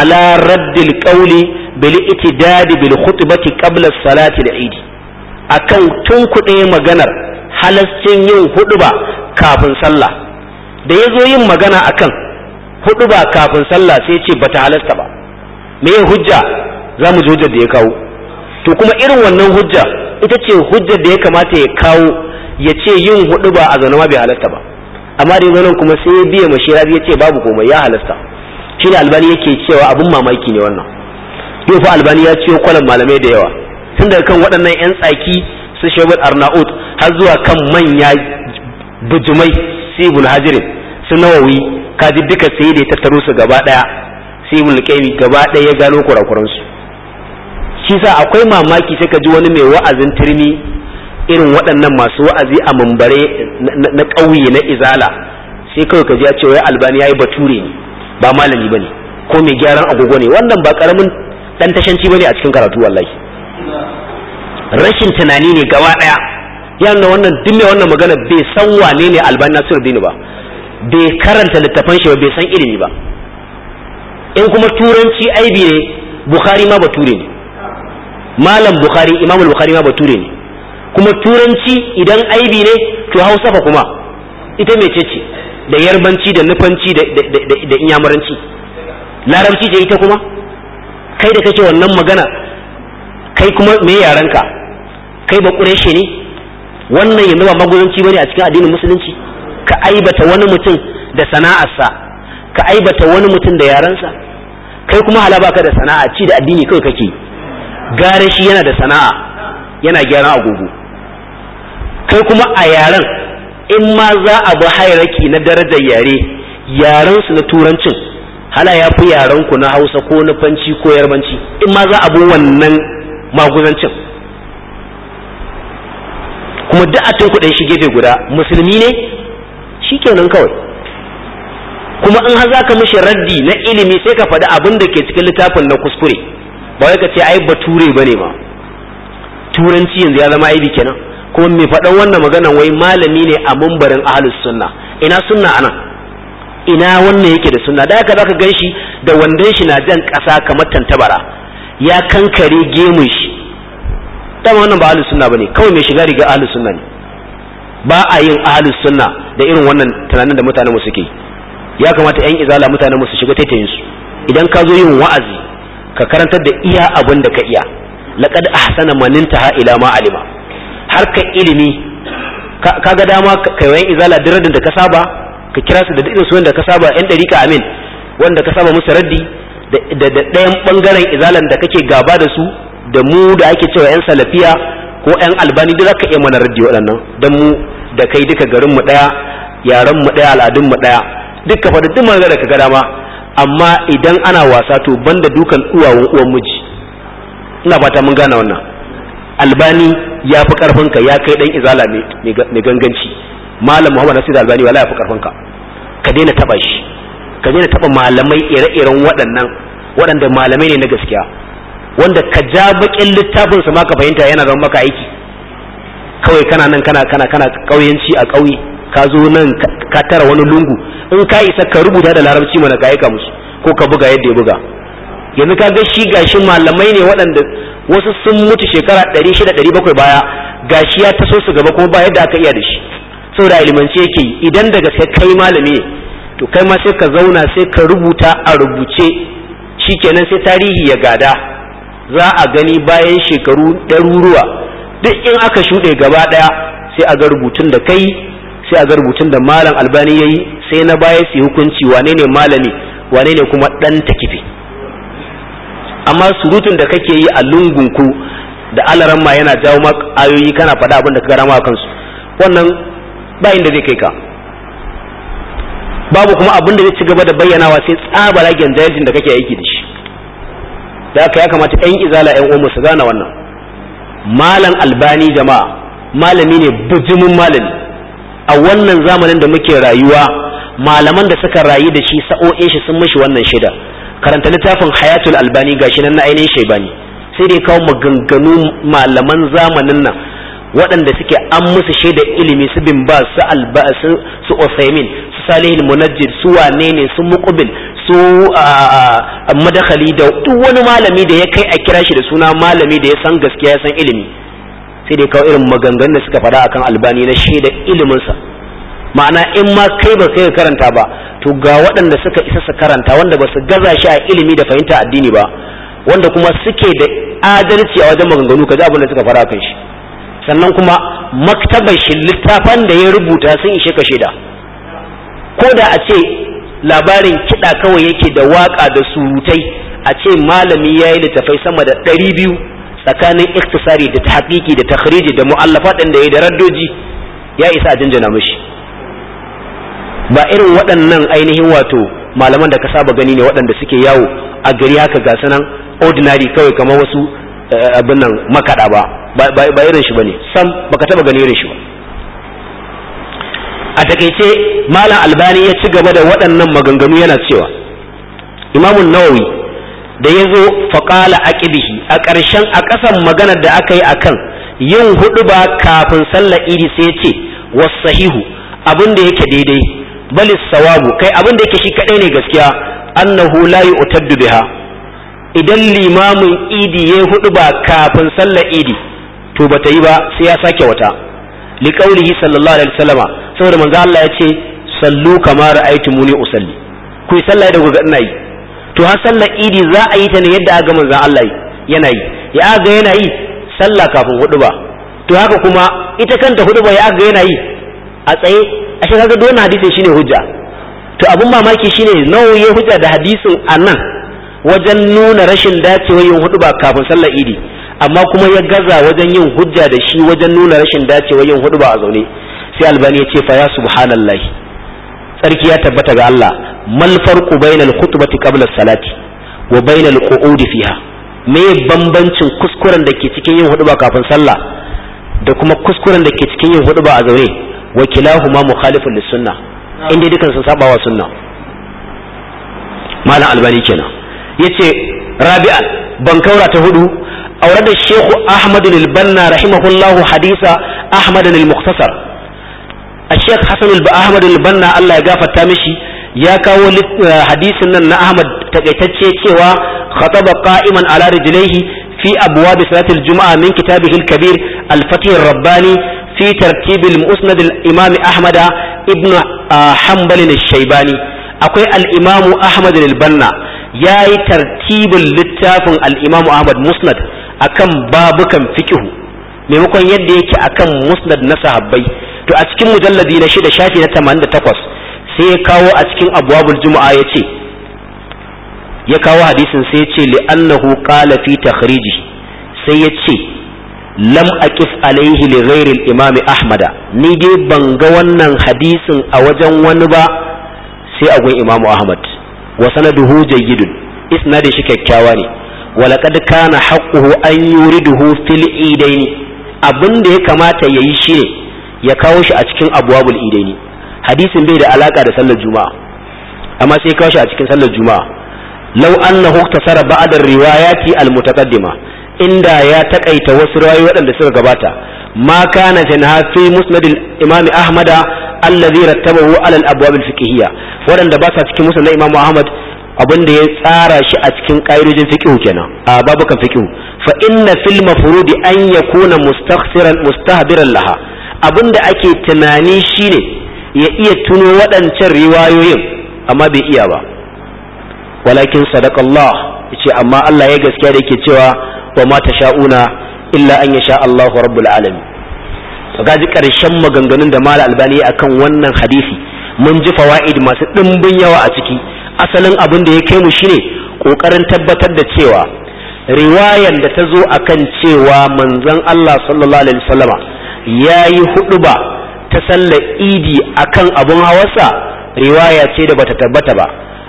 ala raddil qawli bil itidadi bil khutbati qabla salati da eid akan tun kuɗe maganar halascin yin huɗuba kafin sallah da ya zo yin magana akan huɗuba kafin sallah sai ce bata halasta ba me hujja za mu ji hujjar da ya kawo to kuma irin wannan hujja ita ce hujjar da ya kamata ya kawo ya ce yin hudu ba a zaune ma bai halatta ba amma da wannan kuma sai ya biya mashi ya ce babu komai ya halasta shi ne albani yake cewa abin mamaki ne wannan yau fa albani ya ciyo kwalan malamai da yawa tun daga kan waɗannan 'yan tsaki su shebul arnaut har zuwa kan manya bujumai sai ibn hajirin su nawawi kaji duka sai da ya tattaro su gaba daya sai ibn gaba ɗaya ya gano kurakuransu shi sa akwai mamaki sai ka ji wani mai wa'azin turmi irin waɗannan masu wa'azi a mambare na ƙauye na izala sai kawai ka ji ya ce wai albani yi bature ne ba malami ba ne ko mai gyaran agogo ne wannan ba ƙaramin ɗan tashanci ba ne a cikin karatu wallahi rashin tunani ne gaba ɗaya yana wannan duk mai wannan magana bai san wane ne albani dini ba bai karanta littafan shi ba bai san ilimi ba in kuma turanci aibi ne bukhari ma bature ne malam bukhari Imam bukhari ma bature ne kuma turanci idan aibi ne to hausa fa kuma ita mece ce da yarbanci da nufanci da inyamuranci larabci ce ita kuma kai da kake wannan magana kai kuma me yarenka kai ba kureshe ne wannan yanzu ba magoyanci bane a cikin addinin musulunci ka aibata wani mutum da sana'arsa ka aibata wani mutum da yarensa kai kuma halaba ka da sana'a ci da addini kawai kake yi gare shi yana da sana'a yana gyara agogo kai kuma a yaren in ma za a bi hayaraki na darajar yare yaren su na turancin hala ya fi yaren ku na hausa ko na fanci ko yarbanci in ma za a bi wannan maguzancin kuma duk a tun kuɗin shi gefe guda musulmi ne shi kenan kawai kuma in haza ka mishi raddi na ilimi sai ka faɗi abin da ke cikin littafin na kuskure ba wai ka ce ai bature bane ba turanci yanzu ya zama aibi kenan kuma mai faɗan wannan magana wai malami ne a mumbarin ahlus sunna ina sunna anan ina wannan yake da sunna da haka zaka ganshi da wandon shi na jan ƙasa kamar tantabara ya kankare gemun shi dama wannan ba ahlus sunna bane kawai mai shiga riga ahlus sunna ne ba a yin ahlus sunna da irin wannan tunanin da mutanen mu suke ya kamata yan izala mutanen mu su shiga taitayin su idan ka zo yin wa'azi ka karantar da iya abin da ka iya laqad ahsana maninta ha ila ma alima Har ka ilimi kaga dama kai wayan izala diradin da ka saba ka kira su da dukkan su wanda ka saba yan dariqa amin wanda ka saba musu raddi da ɗayan bangaren izalan da kake gaba da su da mu da ake cewa yan salafiya ko yan albani duk zaka iya mana raddi waɗannan dan mu da kai duka garin mu daya yaran mu daya al'adun mu daya duka fa da duk da ka ga dama amma idan ana wasa to banda dukan uwawun uwan miji ina fata mun gane wannan albani ya fi karfin ka ya kai dan izala mai ganganci malam muhammad nasir albani wala ya fi karfin ka ka daina taba shi ka daina taba malamai ire-iren waɗannan waɗanda malamai ne na gaskiya wanda ka ja bakin littafin su ma ka fahimta yana zama maka aiki kawai kana nan kana kana kana kauyanci a kauye ka zo nan ka tara wani lungu in ka isa ka rubuta da larabci mana ka aika musu ko ka buga yadda ya buga yanzu ka ga shi gashi malamai ne waɗanda wasu sun mutu shekara ɗari shida ɗari bakwai baya gashi ya taso su gaba kuma ba yadda aka iya da shi saboda ilimance yake yi idan daga sai kai malami ne to kai ma sai ka zauna sai ka rubuta a rubuce shikenan sai tarihi ya gada za a gani bayan shekaru ɗaruruwa duk in aka shuɗe gaba ɗaya sai a ga rubutun da kai sai a ga rubutun da malam albani yi sai na baya su hukunci wane ne malami wane ne kuma ta takifi amma surutun da kake yi a lungunku da alaran ma yana jawo ma ayoyi kana faɗa abin da ka gara ma kansu wannan ba inda zai kai ka babu kuma abin da zai ci gaba da bayyanawa sai tsabara gyanjajin da kake aiki da shi da aka ya kamata yan izala yan uwanmu su gane wannan malam albani jama'a malami ne bujimin malami a wannan zamanin da muke rayuwa malaman da suka rayu da shi sa'o'in shi sun mishi wannan shida karanta littafin hayatul albani gashi nan na ainihin shaibani sai dai kawo maganganu malaman zamanin nan waɗanda suke an musu shaidar ilimi su bin ba su alba su su usaimin su salihin munajjid su wane ne su muqbil su madakhali da duk wani malami da ya kai a kira shi da suna malami da ya san gaskiya ya san ilimi sai dai kawai irin maganganun da suka faɗa akan albani na shaida iliminsa ma'ana in ma kai ba kai karanta ba to ga waɗanda suka isa su karanta wanda ba su gaza shi a ilimi da fahimta addini ba wanda kuma suke da adalci a wajen maganganu kaji abin da suka fara kan shi sannan kuma maktabar shi littafan da ya rubuta sun ishe ka shaida ko da a ce labarin kiɗa kawai yake da waƙa da surutai a ce malami ya yi littafai sama da ɗari biyu tsakanin iktisari da tahqiqi da takhriji da mu'allafa din da yayi da raddoji ya isa a jinjina mishi ba irin waɗannan ainihin wato malaman da ka saba gani ne waɗanda suke yawo a gari haka ga sanan ordinary kawai kamar wasu eh, abin nan makada ba ba irin shi bane sam baka taba gani irin shi ba a takeice malam albani ya ci gaba da waɗannan maganganu yana cewa imamun nawawi da ya zo faƙala a ƙibihi a ƙarshen a ƙasan maganar da aka yi a kan yin hudu ba kafin sallar iri sai ce wasahihu abin da yake daidai balis sawabu kai abin da yake shi kaɗai ne gaskiya annahu la yu'taddu biha idan limamin idi ya hudu ba kafin sallar idi to bata yi ba sai ya sake wata liqaulihi sallallahu alaihi wasallama saboda manzo Allah ya ce sallu kama ra'aytumuni usalli ku yi sallah da ku ga ina yi to har sallar idi za a yi ta ne yadda aga manzan Allah yana yi ya aga yana yi sallah kafin hudu to haka kuma ita kanta hudu ba ya aga yana yi a tsaye a shi kaga dole hadisin shine hujja to abun mamaki shine nawa ya hujja da hadisin nan wajen nuna rashin dacewa yin hudu kafin sallar idi amma kuma ya gaza wajen yin hujja da shi wajen nuna rashin dacewa yin hudu a zaune sai albani ya ce fa ya subhanallahi tsarki ya tabbata ga Allah mal farqu bainal khutbati qabla salati wa bainal qu'udi fiha me bambancin kuskuren da ke cikin yin huduba kafin sallah da kuma kuskuren da ke cikin yin huduba a zaune wa kilahuma mukhalifun lisunna sunna inda dukan sun saba wa sunna malam albani kenan yace rabi'an bankaura ta hudu aure da shehu ahmadu al rahimahullahu hadisa ahmadu al-mukhtasar a shek hasan ahmad banna allah ya gafarta mishi ya kawo eh, hadisin nan na ahmad takaitacce cewa khataba qa'iman ala rijlaihi fi abwab salatil juma'a min kitabihi al-kabir al rabbani fi tartib al-musnad al-imam ahmad ibn eh, hanbal al-shaybani akwai al'imamu imam ahmad al-banna yayi tartibin littafin al-imam musnad akan babukan fikihu maimakon yadda yake akan musnad na sahabbai to a cikin mujalladi na shida shafi na takwas sai ya kawo a cikin abwabul juma'a ya ce ya kawo hadisin sai ya ce li'annahu qala fi takhriji sai ya ce lam aqif alaihi li ghairi al-imam ahmada ni dai ban ga wannan hadisin a wajen wani ba sai a gun imamu ahmad wa sanaduhu jayyidun isnadin shi kyakkyawa ne wa laqad kana haqquhu an yuriduhu fil idaini abin da ya kamata yayi shi ne ya kawo shi a cikin abwabul idaini hadisin bai da alaka da sallar juma'a amma sai ya kawo shi a cikin sallar juma'a law annahu iktasara ba'da riwayati almutaqaddima inda ya takaita wasu riwayoyi waɗanda suka gabata ma kana janha fi musnad imami ahmada alladhi rattabahu ala al-abwab waɗanda ba sa cikin musnad imam ahmad abin da ya tsara shi a cikin ƙa'idojin fiqhu kenan a babukan fiqhu fa inna fil mafrudi an yakuna mustaghfiran mustahbiran laha abin da ake tunani shine ya iya tuno waɗancan riwayoyin amma bai iya ba walakin sadakallah ce amma Allah ya gaskiya da yake cewa wa ma tasha'una illa an yasha Allahu rabbul alamin to gaji ƙarshen maganganun da mala Albani akan wannan hadisi mun ji fawaid masu dimbin yawa a ciki asalin abin da ya kai mu shine kokarin tabbatar da cewa riwayan da ta zo akan cewa manzon Allah sallallahu alaihi wasallama ya yi ba ta sallar idi a kan abun hawarsa riwaya ce da bata tabbata ba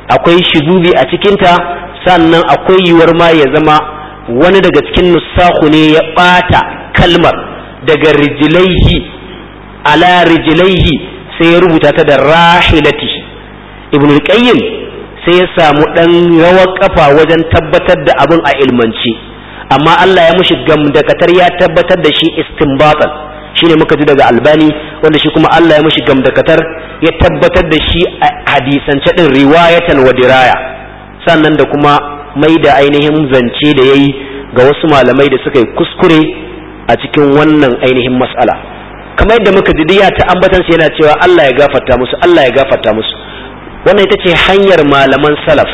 akwai shigubi a cikinta sannan akwai yiwuwar ma ya zama wani daga cikin nusahu ne ya ɓata kalmar daga rijilaihi ala rijilaihi sai ya rubuta ta da rahilati ibn qayyim sai ya samu dan rawar kafa wajen tabbatar da abin a ilmance, amma Allah ya mushi gamdakatar ya tabbatar da shi istinbatan shine muka ji daga albani wanda shi kuma Allah ya mishi gamdakatar ya tabbatar da shi a hadisance ɗin riwayatan wa diraya sannan da kuma mai da ainihin zance da yayi ga wasu malamai da suka yi kuskure a cikin wannan ainihin matsala. kamar yadda muka ji diya ta ambatansu yana cewa Allah ya gafarta musu Allah ya gafarta musu wannan ita ce hanyar malaman salaf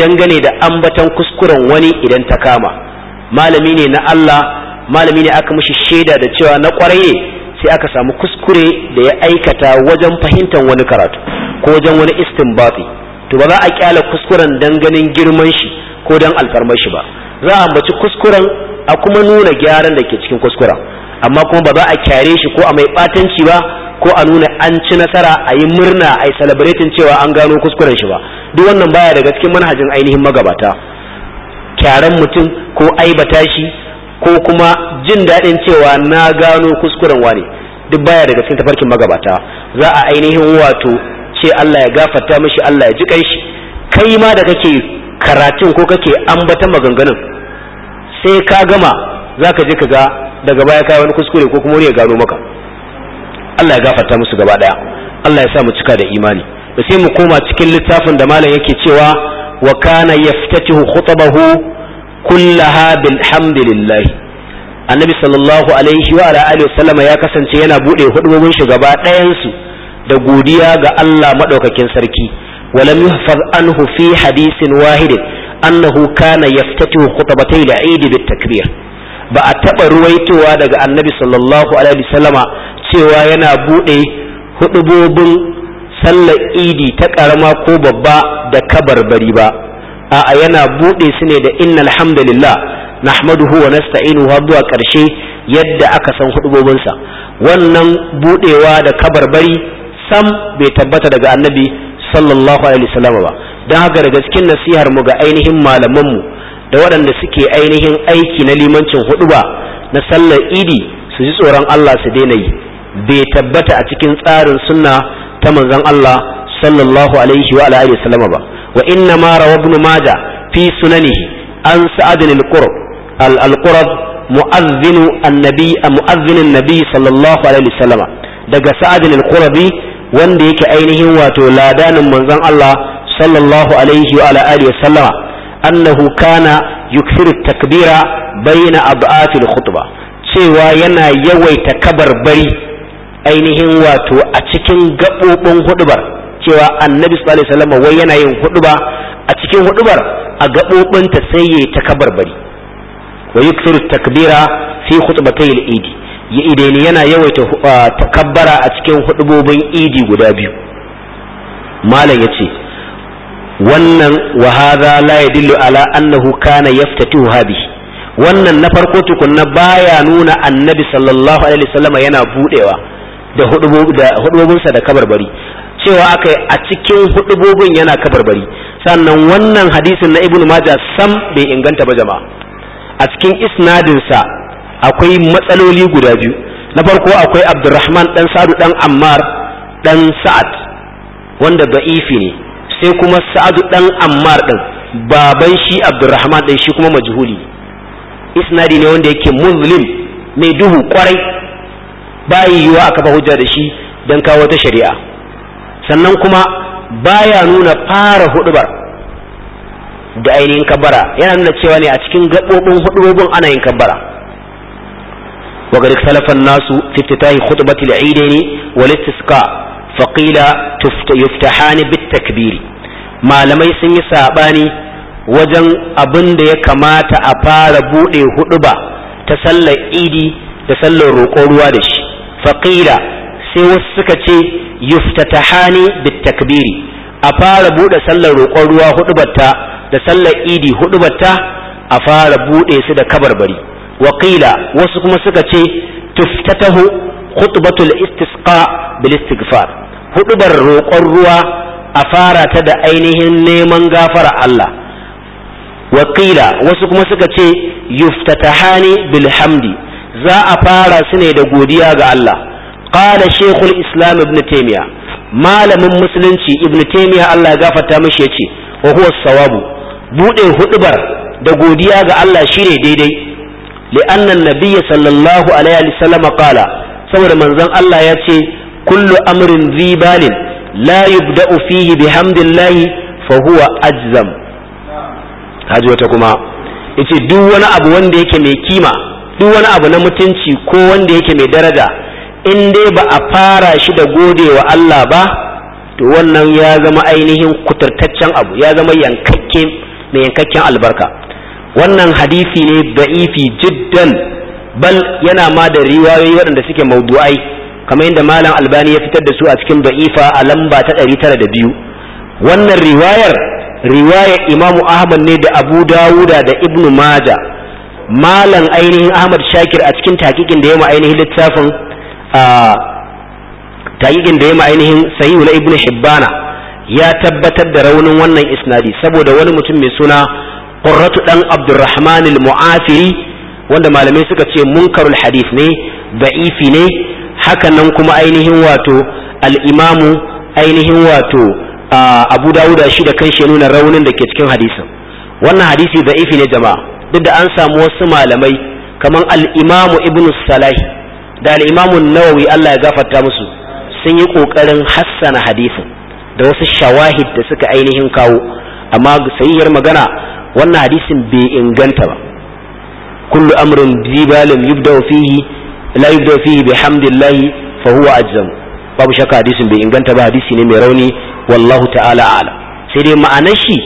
dangane da ambatan kuskuren wani idan ta kama malami ne na Allah malami ne aka mishi shaida da cewa na kwarai sai aka samu kuskure da ya aikata wajen fahimtar wani karatu ko wajen wani istinbati to ba za a kyala kuskuren dan ganin girman shi ko dan alfarmar shi ba za a ambaci kuskuren a kuma nuna gyaran da ke cikin kuskuren amma kuma ba za a kyare shi ko a mai batanci ba ko a nuna an ci nasara a yi murna a yi celebrating cewa an gano kuskuren shi ba duk wannan baya daga cikin manhajin ainihin magabata kyaran mutum ko aibata shi ko kuma jin daɗin cewa na gano kuskuren wani duk baya daga cikin tafarkin magabata za a ainihin wato ce Allah ya gafarta mishi Allah ya ji shi kai ma da kake karatun ko kake ambata maganganun sai ka gama za ka je ka ga daga baya kai wani kuskure ko kuma wani ya gano maka Allah ya gafarta musu gaba daya Allah ya sa mu cika da imani da sai mu koma cikin littafin da malam yake cewa wa kana yaftatihu khutbahu kullaha bilhamdulillah annabi sallallahu alaihi wa alihi wasallama ya kasance yana bude hudubobin shi gaba su da godiya ga Allah madaukakin sarki walam yuhfaz anhu fi hadisin wahidin annahu kana yaftatihu khutbatay al-eid bit-takbir ba a taba ruwaitowa daga annabi sallallahu alaihi wasallama cewa yana buɗe hudubobin sallar idi ta ƙarama ko babba da kabar bari ba A'a yana buɗe su ne da innal hamdalillah nahmaduhu wa nasta'inu har zuwa ƙarshe yadda aka san sa wannan buɗewa da kabarbari sam bai tabbata daga annabi sallallahu alaihi wasallam ba don haka daga cikin nasihar mu ga ainihin malaman mu da waɗanda suke ainihin aiki na limancin huduba na sallar idi su ji tsoron Allah su daina yi bai tabbata a cikin tsarin sunna ta manzon Allah sallallahu alaihi wa alihi wasallam ba wa inna ma rawa ibn majah fi sunanihi an sa'ad al-qurb al-qurb mu'adhdhin sallallahu alaihi wasallam daga sa'ad al-qurbi wanda yake ainihin wato ladanin manzon Allah sallallahu alaihi wa alihi wasallam annahu kana yukthiru takbira bayna ab'ati al-khutbah cewa yana yawaita bari ainihin wato a cikin gaɓoɓin huɗubar. cewa annabi sallallahu alaihi wasallam wai yana yin huduba a cikin hudubar a gabobinta sai yayi takabarbari wa yukthiru takbira fi khutbatayil idi ya idan yana yawaita takabbara a cikin hudubobin idi guda biyu malam yace wannan wa hadha la yadullu ala annahu kana yaftatihu hadhihi wannan na farko tukunna baya nuna annabi sallallahu alaihi wasallam yana budewa da hudubobinsa da kabarbari cewa aka yi a cikin hudubobin yana kabarbari sannan wannan hadisin na ibnu majah sam bai inganta ba jama'a a cikin isnadinsa akwai matsaloli guda biyu na farko akwai abdurrahman dan sa'adu dan ammar dan sa'ad wanda da'ifi ne sai kuma sa'adu dan ammar din baban shi abdurrahman din shi kuma majhuli isnadi ne wanda yake muslim mai duhu kwarai bayi yiwa a kafa hujja da shi dan kawo ta shari'a sannan kuma baya nuna fara hudubar da ainihin kabbara yana nuna cewa ne a cikin gabobin hudubobin ana yin kabbara wagari salafan nasu fitatahi khutbatul eidaini walitsqa faqila tufta yaftahani bit takbir malamai sun yi saɓani wajen abin da ya kamata a fara buɗe huɗuba ta sallar idi da sallar roƙo ruwa da shi Faƙira. sai wasu suka ce yuftatahani bitakbiri a fara bude sallar roƙon ruwa hudubarta da sallar idi hudubarta a fara bude su da kabarbari wakila wasu kuma suka ce tuftatahu khutbatul istisqa bil istighfar hudubar roƙon ruwa a fara ta da ainihin neman gafara Allah wakila wasu kuma suka ce yuftatahani bil hamdi za a fara su ne da godiya ga Allah qala shaykhul islam ibn malamin musulunci ibn taymiya Allah ya gafarta mishi yace wa sawabu bude huɗubar da godiya ga Allah shine daidai li'anna nabiyya sallallahu alaihi wasallam qala saboda manzon Allah yace kullu amrin zibalin la yubda'u fihi bihamdillahi fa huwa ajzam haji wata kuma yace duk wani abu wanda yake mai kima duk wani abu na mutunci ko wanda yake mai daraja in dai ba a fara shi da gode wa Allah ba to wannan ya zama ainihin kuturtaccen abu ya zama yankakke mai yankakken albarka wannan hadisi ne da'ifi jiddan bal yana ma da riwayoyi waɗanda suke maudu'ai kamar yadda malam albani ya fitar da su a cikin da'ifa a lamba ta ɗari tara da biyu wannan riwayar riwayar imamu ahmad ne da abu dawuda da ibnu maja malam ainihin ahmad shakir a cikin takikin da ya ma ainihin littafin tayikin da ya ma ainihin sahihu na ibnu shibbana ya tabbatar da raunin wannan isnadi saboda wani mutum mai suna qurratu dan abdurrahman al-mu'afiri wanda malamai suka ce munkarul hadith ne da'ifi ne hakan nan kuma ainihin wato al-imamu ainihin wato abu da shi da kanshi nuna raunin da ke cikin hadisin wannan hadisi da'ifi ne jama'a duk da an samu wasu malamai kaman al-imamu ibnu salahi da al'imamun nawawi Allah ya gafarta musu sun yi ƙoƙarin hassana hadisin da wasu shawahid da suka ainihin kawo amma sahihiyar magana wannan hadisin bai inganta ba kullu amrin zibalin yubda fihi la yubda fihi bihamdillah fa huwa ajzam babu shakka hadisin bai inganta ba hadisi ne mai rauni wallahu ta'ala a'lam sai dai ma'anar shi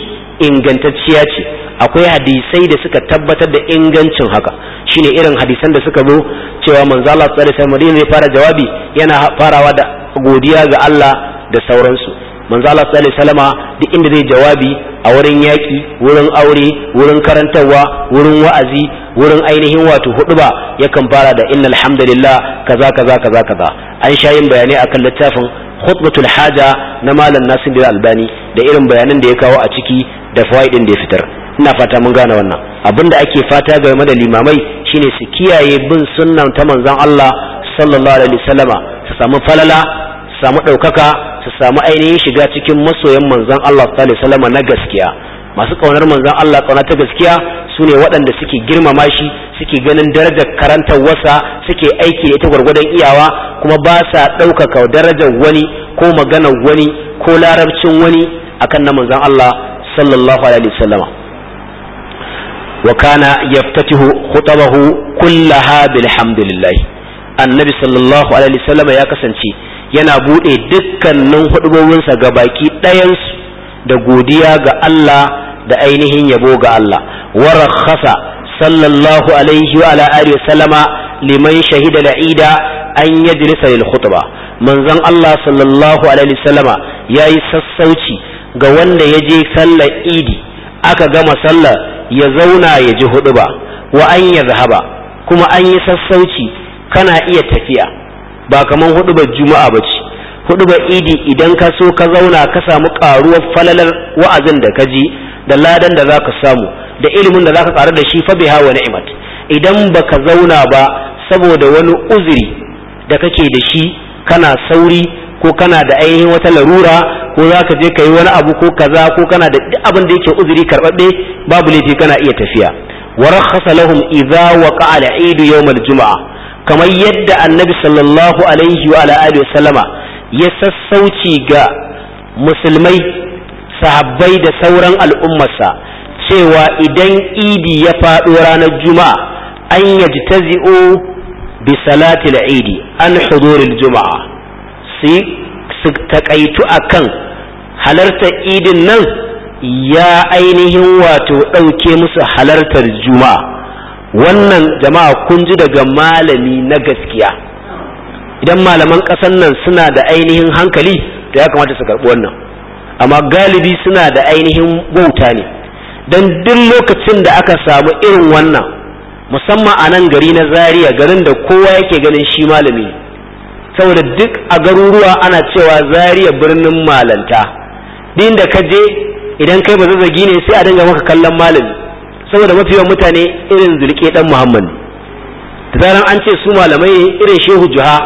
ingantacciya ce akwai hadisai da suka tabbatar da ingancin haka shine irin hadisan da suka zo cewa manzo Allah sallallahu alaihi wasallam fara jawabi yana farawa da godiya ga Allah da sauransu manzo Allah sallallahu alaihi duk inda zai jawabi a wurin yaki wurin aure wurin karantarwa wurin wa'azi wurin ainihin wato huduba yakan fara da innal hamdalillah kaza kaza kaza kaza an sha yin bayanai akan littafin khutbatul haja na malam Nasir Albani da irin bayanan da ya kawo a ciki da fawaidin da ya fitar ina fata mun gane wannan abin da ake fata game da limamai shine su kiyaye bin sunnan ta manzon Allah sallallahu alaihi wasallama su samu falala su samu ɗaukaka su samu ainihin shiga cikin masoyan manzon Allah sallallahu alaihi wasallama na gaskiya masu kaunar manzon Allah kauna ta gaskiya sune waɗanda suke girmama shi suke ganin darajar karantar wasa suke aiki da ita gwargwadon iyawa kuma ba sa ɗaukaka darajar wani ko maganar wani ko larabcin wani akan na manzon Allah sallallahu alaihi wasallama wakana kana yaftatihu khutabahu kullaha bilhamdulillah annabi sallallahu alaihi wasallam ya kasance yana bude dukkanin hudubobinsa ga baki ɗayansu da godiya ga Allah da ainihin yabo ga Allah wa rakhasa sallallahu alaihi wa ala liman shahida al'ida an yajlisa lil khutba manzon Allah sallallahu alaihi wasallama yayi sassauci ga wanda ya je sallar idi aka gama sallar ya zauna ya ji hudu ba wa an zahaba kuma an yi sassauci kana iya tafiya ba kamar hudu ba juma'a ba ce hudu ba idi idan ka so ka zauna ka samu karuwar falalar wa'azin da ka ji da ladan da za ka samu da ilimin da za ka karu da shi fa biha wa ni'mat idan ba ka zauna ba saboda wani uzuri da kake da shi kana sauri ko kana da ainihin wata larura ko za ka je ka yi wani abu ko kaza ko kana da duk abin da yake uzuri karɓaɓɓe babu laifi kana iya tafiya wa rakhasa lahum idza waqa al-eid yawm al-jum'a kamar yadda annabi sallallahu alaihi wa alihi wasallama ya sassauci ga musulmai sahabbai da sauran al'ummarsa cewa idan idi ya faɗo ranar juma'a an yajtazi'u bi salatil idi an huduril juma'a su takaitu a kan halartar idin nan ya ainihin wato ɗauke musu halartar juma'a wannan jama'a kun ji daga malami na gaskiya idan malaman ƙasan nan suna da ainihin hankali to ya kamata su karɓi wannan amma galibi suna da ainihin bauta ne don duk lokacin da aka samu irin wannan musamman a nan gari na Zariya, garin da kowa yake ganin shi malami ne saboda duk a garuruwa ana cewa zariya birnin malanta din da ka je idan kai bazazzagi ne sai a dinga maka kallon malami saboda mafi yawan mutane irin zulke dan muhammad da zaran an ce su malamai ne irin shehu juha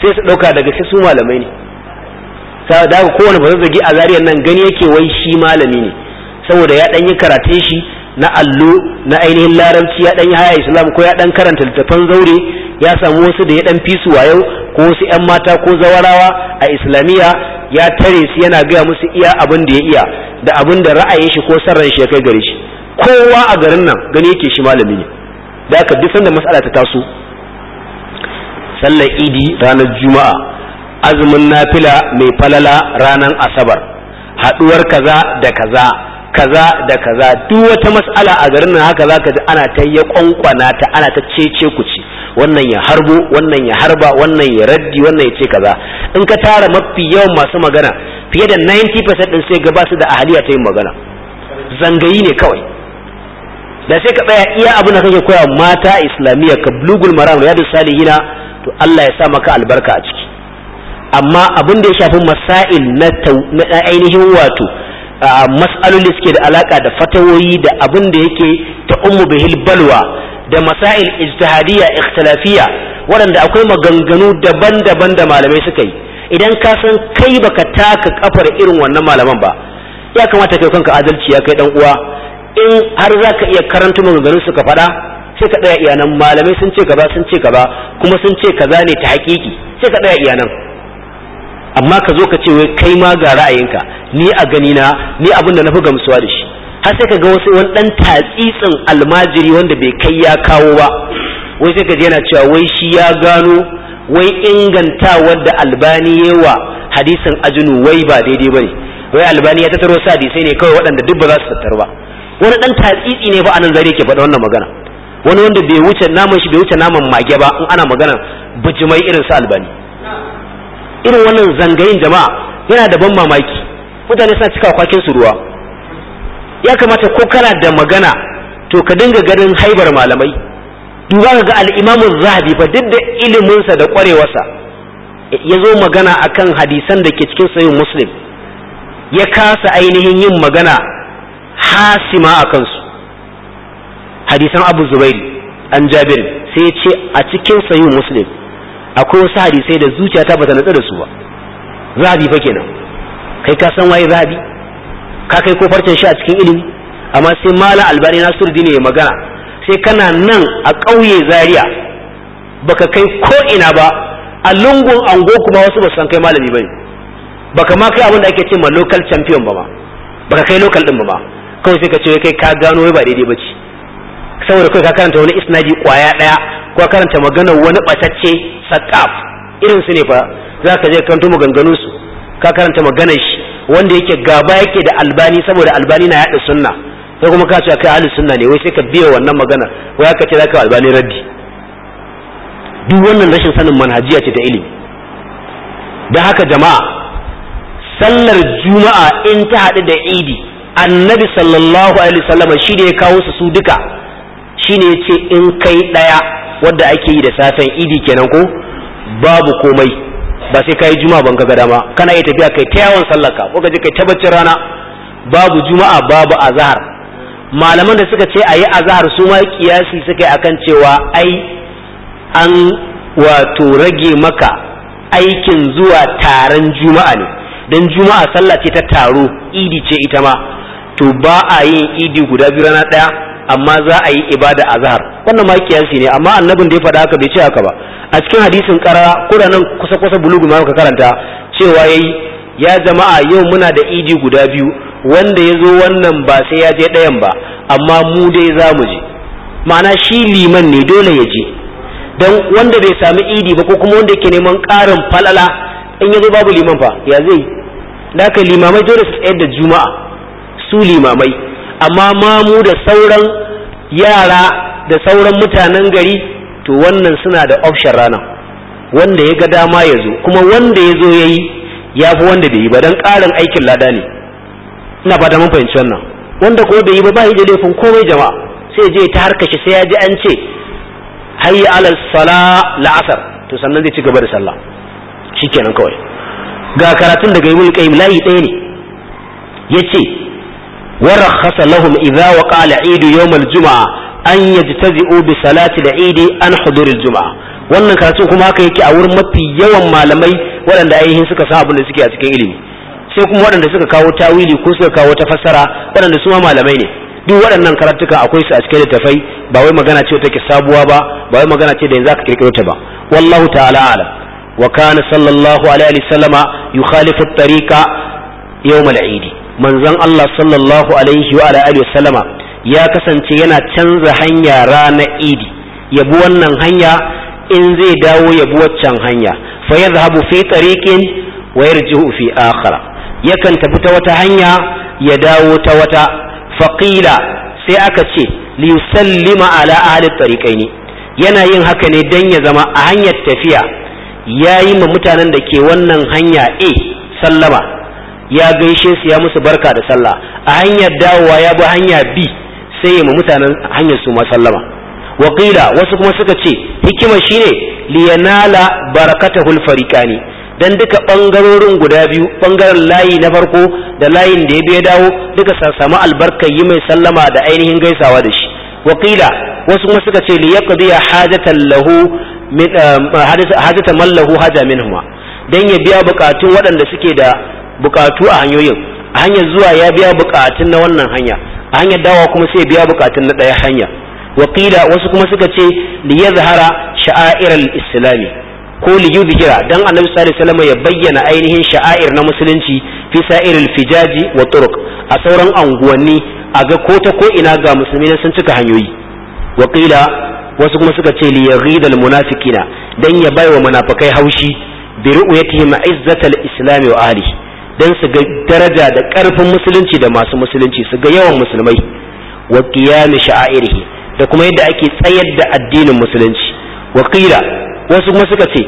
sai su dauka daga shi su malamai ne Saboda kowane kowane zazzagi a zariyar nan gani yake wai shi malami ne saboda ya dan yi karatun shi na allo na ainihin larabci ya dan yi haya islam ko ya dan karanta littafan zaure ya samu wasu da ya dan fi su wayo ko wasu yan mata ko zawarawa a islamiyya ya tare su yana gaya musu iya abin da ya iya da abin da ra'ayin shi ko sarran shi ya kai gare shi kowa a garin nan gani yake shi malami ne da aka duk sanda mas'ala ta taso sallar idi ranar juma'a azumin nafila mai falala ranar asabar haduwar kaza da kaza kaza da kaza duk wata mas'ala a garin nan haka zaka ji ana ta ya kwankwana ta ana ta cece ku ce wannan ya harbo wannan ya harba wannan ya raddi wannan ya ce kaza in ka tara mafi yawan masu magana fiye da 90% din sai ga basu da ahaliya ta yin magana zangayi ne kawai da sai ka tsaya iya abin da kake koya mata islamiyya ka blugul maram riyadus salihina to Allah ya sa maka albarka a ciki amma abin da ya shafi masail na ainihin wato mas'aloli suke da alaka da fatawoyi da abin da yake ta ummu bihil balwa da masail ijtihadiyya ikhtilafiyya waɗanda akwai maganganu daban-daban da malamai suka yi idan ka san kai baka taka kafar irin wannan malaman ba ya kamata kai kanka adalci ya kai dan uwa in har zaka iya karanta maganganun suka faɗa sai ka ɗaya iyanan malamai sun ce kaza sun ce kaza kuma sun ce kaza ne ta hakiki sai ka ɗaya iyanan amma ka zo ka ce wai kai ma ga ra'ayinka ni a gani na ni abin da na fi gamsuwa da shi har sai ka ga wasu wani dan tatsitsin almajiri wanda bai kai ya kawo ba wai sai ka ji yana cewa wai shi ya gano wai ingantawar da albani yawa hadisin ajinu wai ba daidai ba ne. wai albani ya tattaro sa hadisai ne kawai waɗanda duk ba za su tattaro ba wani dan tatsitsi ne ba anan zare ke faɗa wannan magana wani wanda bai wuce naman shi bai wuce naman mage ba in ana magana bijimai irin su albani irin wannan zangayin jama'a yana da ban mamaki mutane suna cika kwakin su ruwa ya kamata ko kana da magana to ka dinga garin haibar malamai duba ga al-imamu zahabi fa duk da iliminsa da kwarewarsa ya zo magana akan hadisan da ke cikin sayin muslim ya kasa ainihin yin magana hasima a kansu hadisan abu zubairi an jabir sai ya ce a cikin sayin muslim akwai wasu hadisai da zuciyata bata nutsu da su ba zabi fa kenan kai ka san waye zabi ka kai ko farcen shi a cikin ilimi amma sai mala albani nasiruddin ya magana sai kana nan a ƙauye zaria baka kai ko ina ba a lungun ango kuma wasu basu san kai malami bane baka ma kai abin da ake ce ma local champion ba ma baka kai local din ba ma kawai sai ka ce kai ka gano wai ba daidai ba ce saboda kai ka karanta wani isnadi kwaya daya ko karanta maganar wani batacce sakaf irin su ne fa za ka je kanto maganganun su ka karanta maganar shi wanda yake gaba yake da albani saboda albani na yaɗa sunna sai kuma ka ce kai ahli sunna ne wai sai ka biya wannan magana wai ka ce za ka albani raddi duk wannan rashin sanin manhajiya ce ta ilimi da haka jama'a sallar juma'a in ta haɗu da idi annabi sallallahu alaihi wasallam shi ne ya kawo su su duka shine ce in kai ɗaya wadda ake yi da safen idi kenan ko babu komai ba sai kai juma'a ban kaga dama kana iya tafiya kai ta yawon sallaka, ko kaje kai ta baccin rana babu juma'a babu azhar malaman da suka ce ayi azhar su ma kiyasi suka yi akan cewa ai an wato rage maka aikin zuwa taron juma'a ne dan juma'a sallah ce ta taro idi ce ita ma to ba a yin idi guda biyu rana daya amma za a yi ibada a zahar wannan ma kiyasi ne amma annabin da ya faɗa haka bai ce haka ba a cikin hadisin karara ko da nan kusa kusa bulugu ma ka karanta cewa yayi ya jama'a yau muna da idi guda biyu wanda ya zo wannan ba sai ya je ɗayan ba amma mu dai za mu je ma'ana shi liman ne dole ya je don wanda bai sami idi ba ko kuma wanda yake neman ƙarin falala in ya zo babu liman fa ya zai da limamai dole su tsayar da juma'a su limamai amma mamu da sauran yara da sauran mutanen gari to wannan suna da option rana wanda ya ga dama ya zo kuma wanda ya zo ya yi ya fi wanda bai yi ba don ƙarin aikin lada ne ina fata mun fahimci wannan wanda kuma bai yi ba ba yi da laifin komai jama'a sai je ta harka shi sai ya ji an ce hayya alal sala la'asar to sannan zai ci gaba da sallah shikenan kawai ga karatun daga ibnu qayyim layi ɗaya ne yace ورخص لهم إذا وقع العيد يوم الجمعة أن يجتزئوا بصلاة العيد an حضور الجمعة wannan karatun kuma haka yake a wurin mafi yawan malamai waɗanda ainihin suka sa abin da suke a cikin ilimi sai kuma waɗanda suka kawo tawili ko suka kawo ta fassara waɗanda su ma malamai ne duk waɗannan karatuka akwai su a cikin littafai ba wai magana ce take sabuwa ba ba wai magana ce da yanzu aka kirkiro ta ba wallahu ta'ala alam wa kana sallallahu alaihi wasallama yukhalifu at-tariqa yawm al-eid manzon Allah sallallahu alaihi wa alihi ya kasance yana canza hanya rana idi bi wannan hanya in zai dawo bi waccan hanya fa yadhhabu fi tariqin wa yarji'u fi akhara yakan tafi ta wata hanya ya dawo ta wata faqila sai aka ce li yusallima ala ahli tariqaini yana yin haka ne dan ya zama a hanyar tafiya yayi ma mutanen da ke wannan hanya A eh, sallama ya gaishe su ya musu barka da sallah a hanyar dawowa ya bi hanya bi sai ya mutanen hanyar su ma sallama wakila wasu kuma suka ce hikima shine liyanala hulfari kani dan duka bangarorin guda biyu bangaren layi na farko da layin da ya bi dawo duka samu albarkar yi mai sallama da ainihin gaisawa da shi wakila wasu kuma suka ce liyaqdiya hajatan lahu min eh, hajatan haja minhuma dan ya biya bukatun waɗanda suke da bukatu a hanyoyin a hanyar zuwa ya biya bukatun na wannan hanya a hanyar dawa kuma sai biya bukatun na ɗaya hanya wakila wasu kuma suka ce li yadhhara sha'airal islami ko li yudhhira dan annabi sallallahu alaihi ya bayyana ainihin sha'air na musulunci fi sa'iril fijaji wa turuq a sauran anguwanni a ga ko ta ko ina ga musulmi sun cika hanyoyi waƙila wasu kuma suka ce li yaghidal munafiqina dan ya baiwa munafikai haushi bi ru'yatihim izzatal islami wa ahlihi don su ga daraja da ƙarfin musulunci da masu musulunci su ga yawan musulmai wa qiyam sha'airihi da kuma yadda ake tsayar da addinin musulunci wa qila wasu kuma suka ce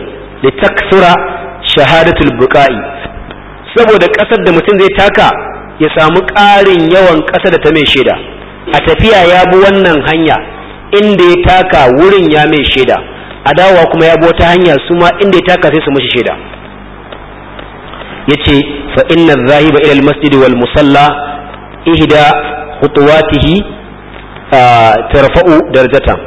li taksura shahadatul buqa'i saboda ƙasar da mutum zai taka ya samu ƙarin yawan ƙasa da ta mai shaida a tafiya ya bi wannan hanya inda ya taka wurin ya mai shaida a dawowa kuma ya bi wata hanya su ma inda ya taka sai su mishi shaida yace fa inna zahiba ila al-masjid wal musalla ihda khutuwatihi tarfa'u darajatan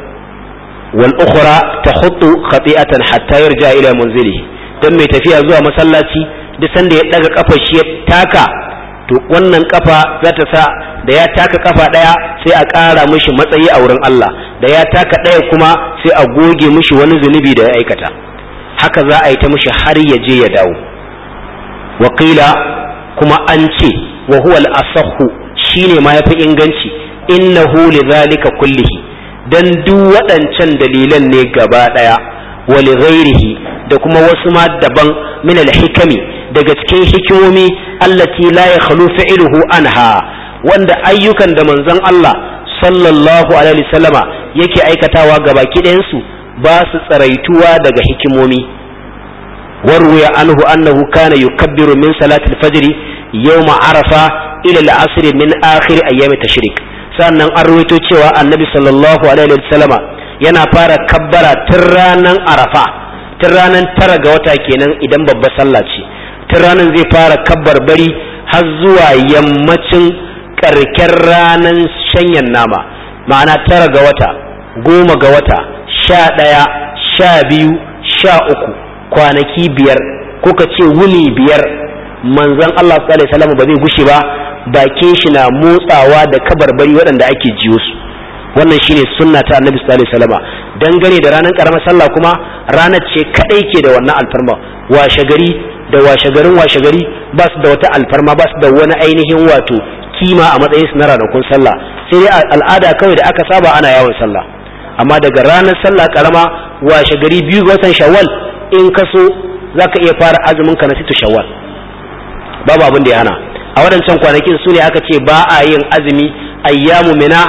wal ukhra tahuttu khati'atan hatta yarja ila manzilihi dan mai tafiya zuwa masallaci duk sanda ya daga kafar shi ya taka to wannan kafa za ta sa da ya taka kafa daya sai a ƙara mishi matsayi a wurin Allah da ya taka daya kuma sai a goge mishi wani zunubi da ya aikata haka za a yi ta mishi har ya je ya dawo waƙila kuma an ce wa huwa al-asahhu shine ma yafi inganci innahu lidhalika kullihi dan duk waɗancan dalilan ne gaba ɗaya wa ghairihi da kuma wasu ma daban min al-hikami daga cikin hikimomi allati la yakhlu fi'luhu anha wanda ayyukan da manzon Allah sallallahu alaihi wasallama yake aikatawa gaba ɗayansu ba su tsaraituwa daga hikimomi وروي عنه أنه كان يكبر من صلاة الفجر يوم عرفة إلى العصر من آخر أيام التشريك sannan an ruwaito cewa annabi sallallahu alaihi yana fara kabbara tun ranar arafa tun ranar tara ga wata kenan idan babbar sallah ce tun ranar zai fara kabbar bari har zuwa yammacin karken ranar shanyan nama ma'ana tara ga wata goma ga wata sha ɗaya sha biyu sha uku kwanaki biyar ko ka ce wuni biyar manzon Allah sallallahu alaihi ba zai gushe ba bakin shi na motsawa da kabarbari waɗanda ake jiyo su wannan shine sunna ta annabi sallallahu alaihi wasallam dangane da ranar karamar sallah kuma ranar ce kadai ke da wannan alfarma washe gari da washe garin ba su da wata alfarma ba su da wani ainihin wato kima a matsayin su na ranakun sallah sai dai al'ada kawai da aka saba ana yawon sallah amma daga ranar sallah karama washe biyu ga watan shawwal in ka so za ka iya fara azumin ka na situ shawwal babu abin da ya hana a waɗancan kwanakin su ne aka ce ba a yin azumi ayyamu mina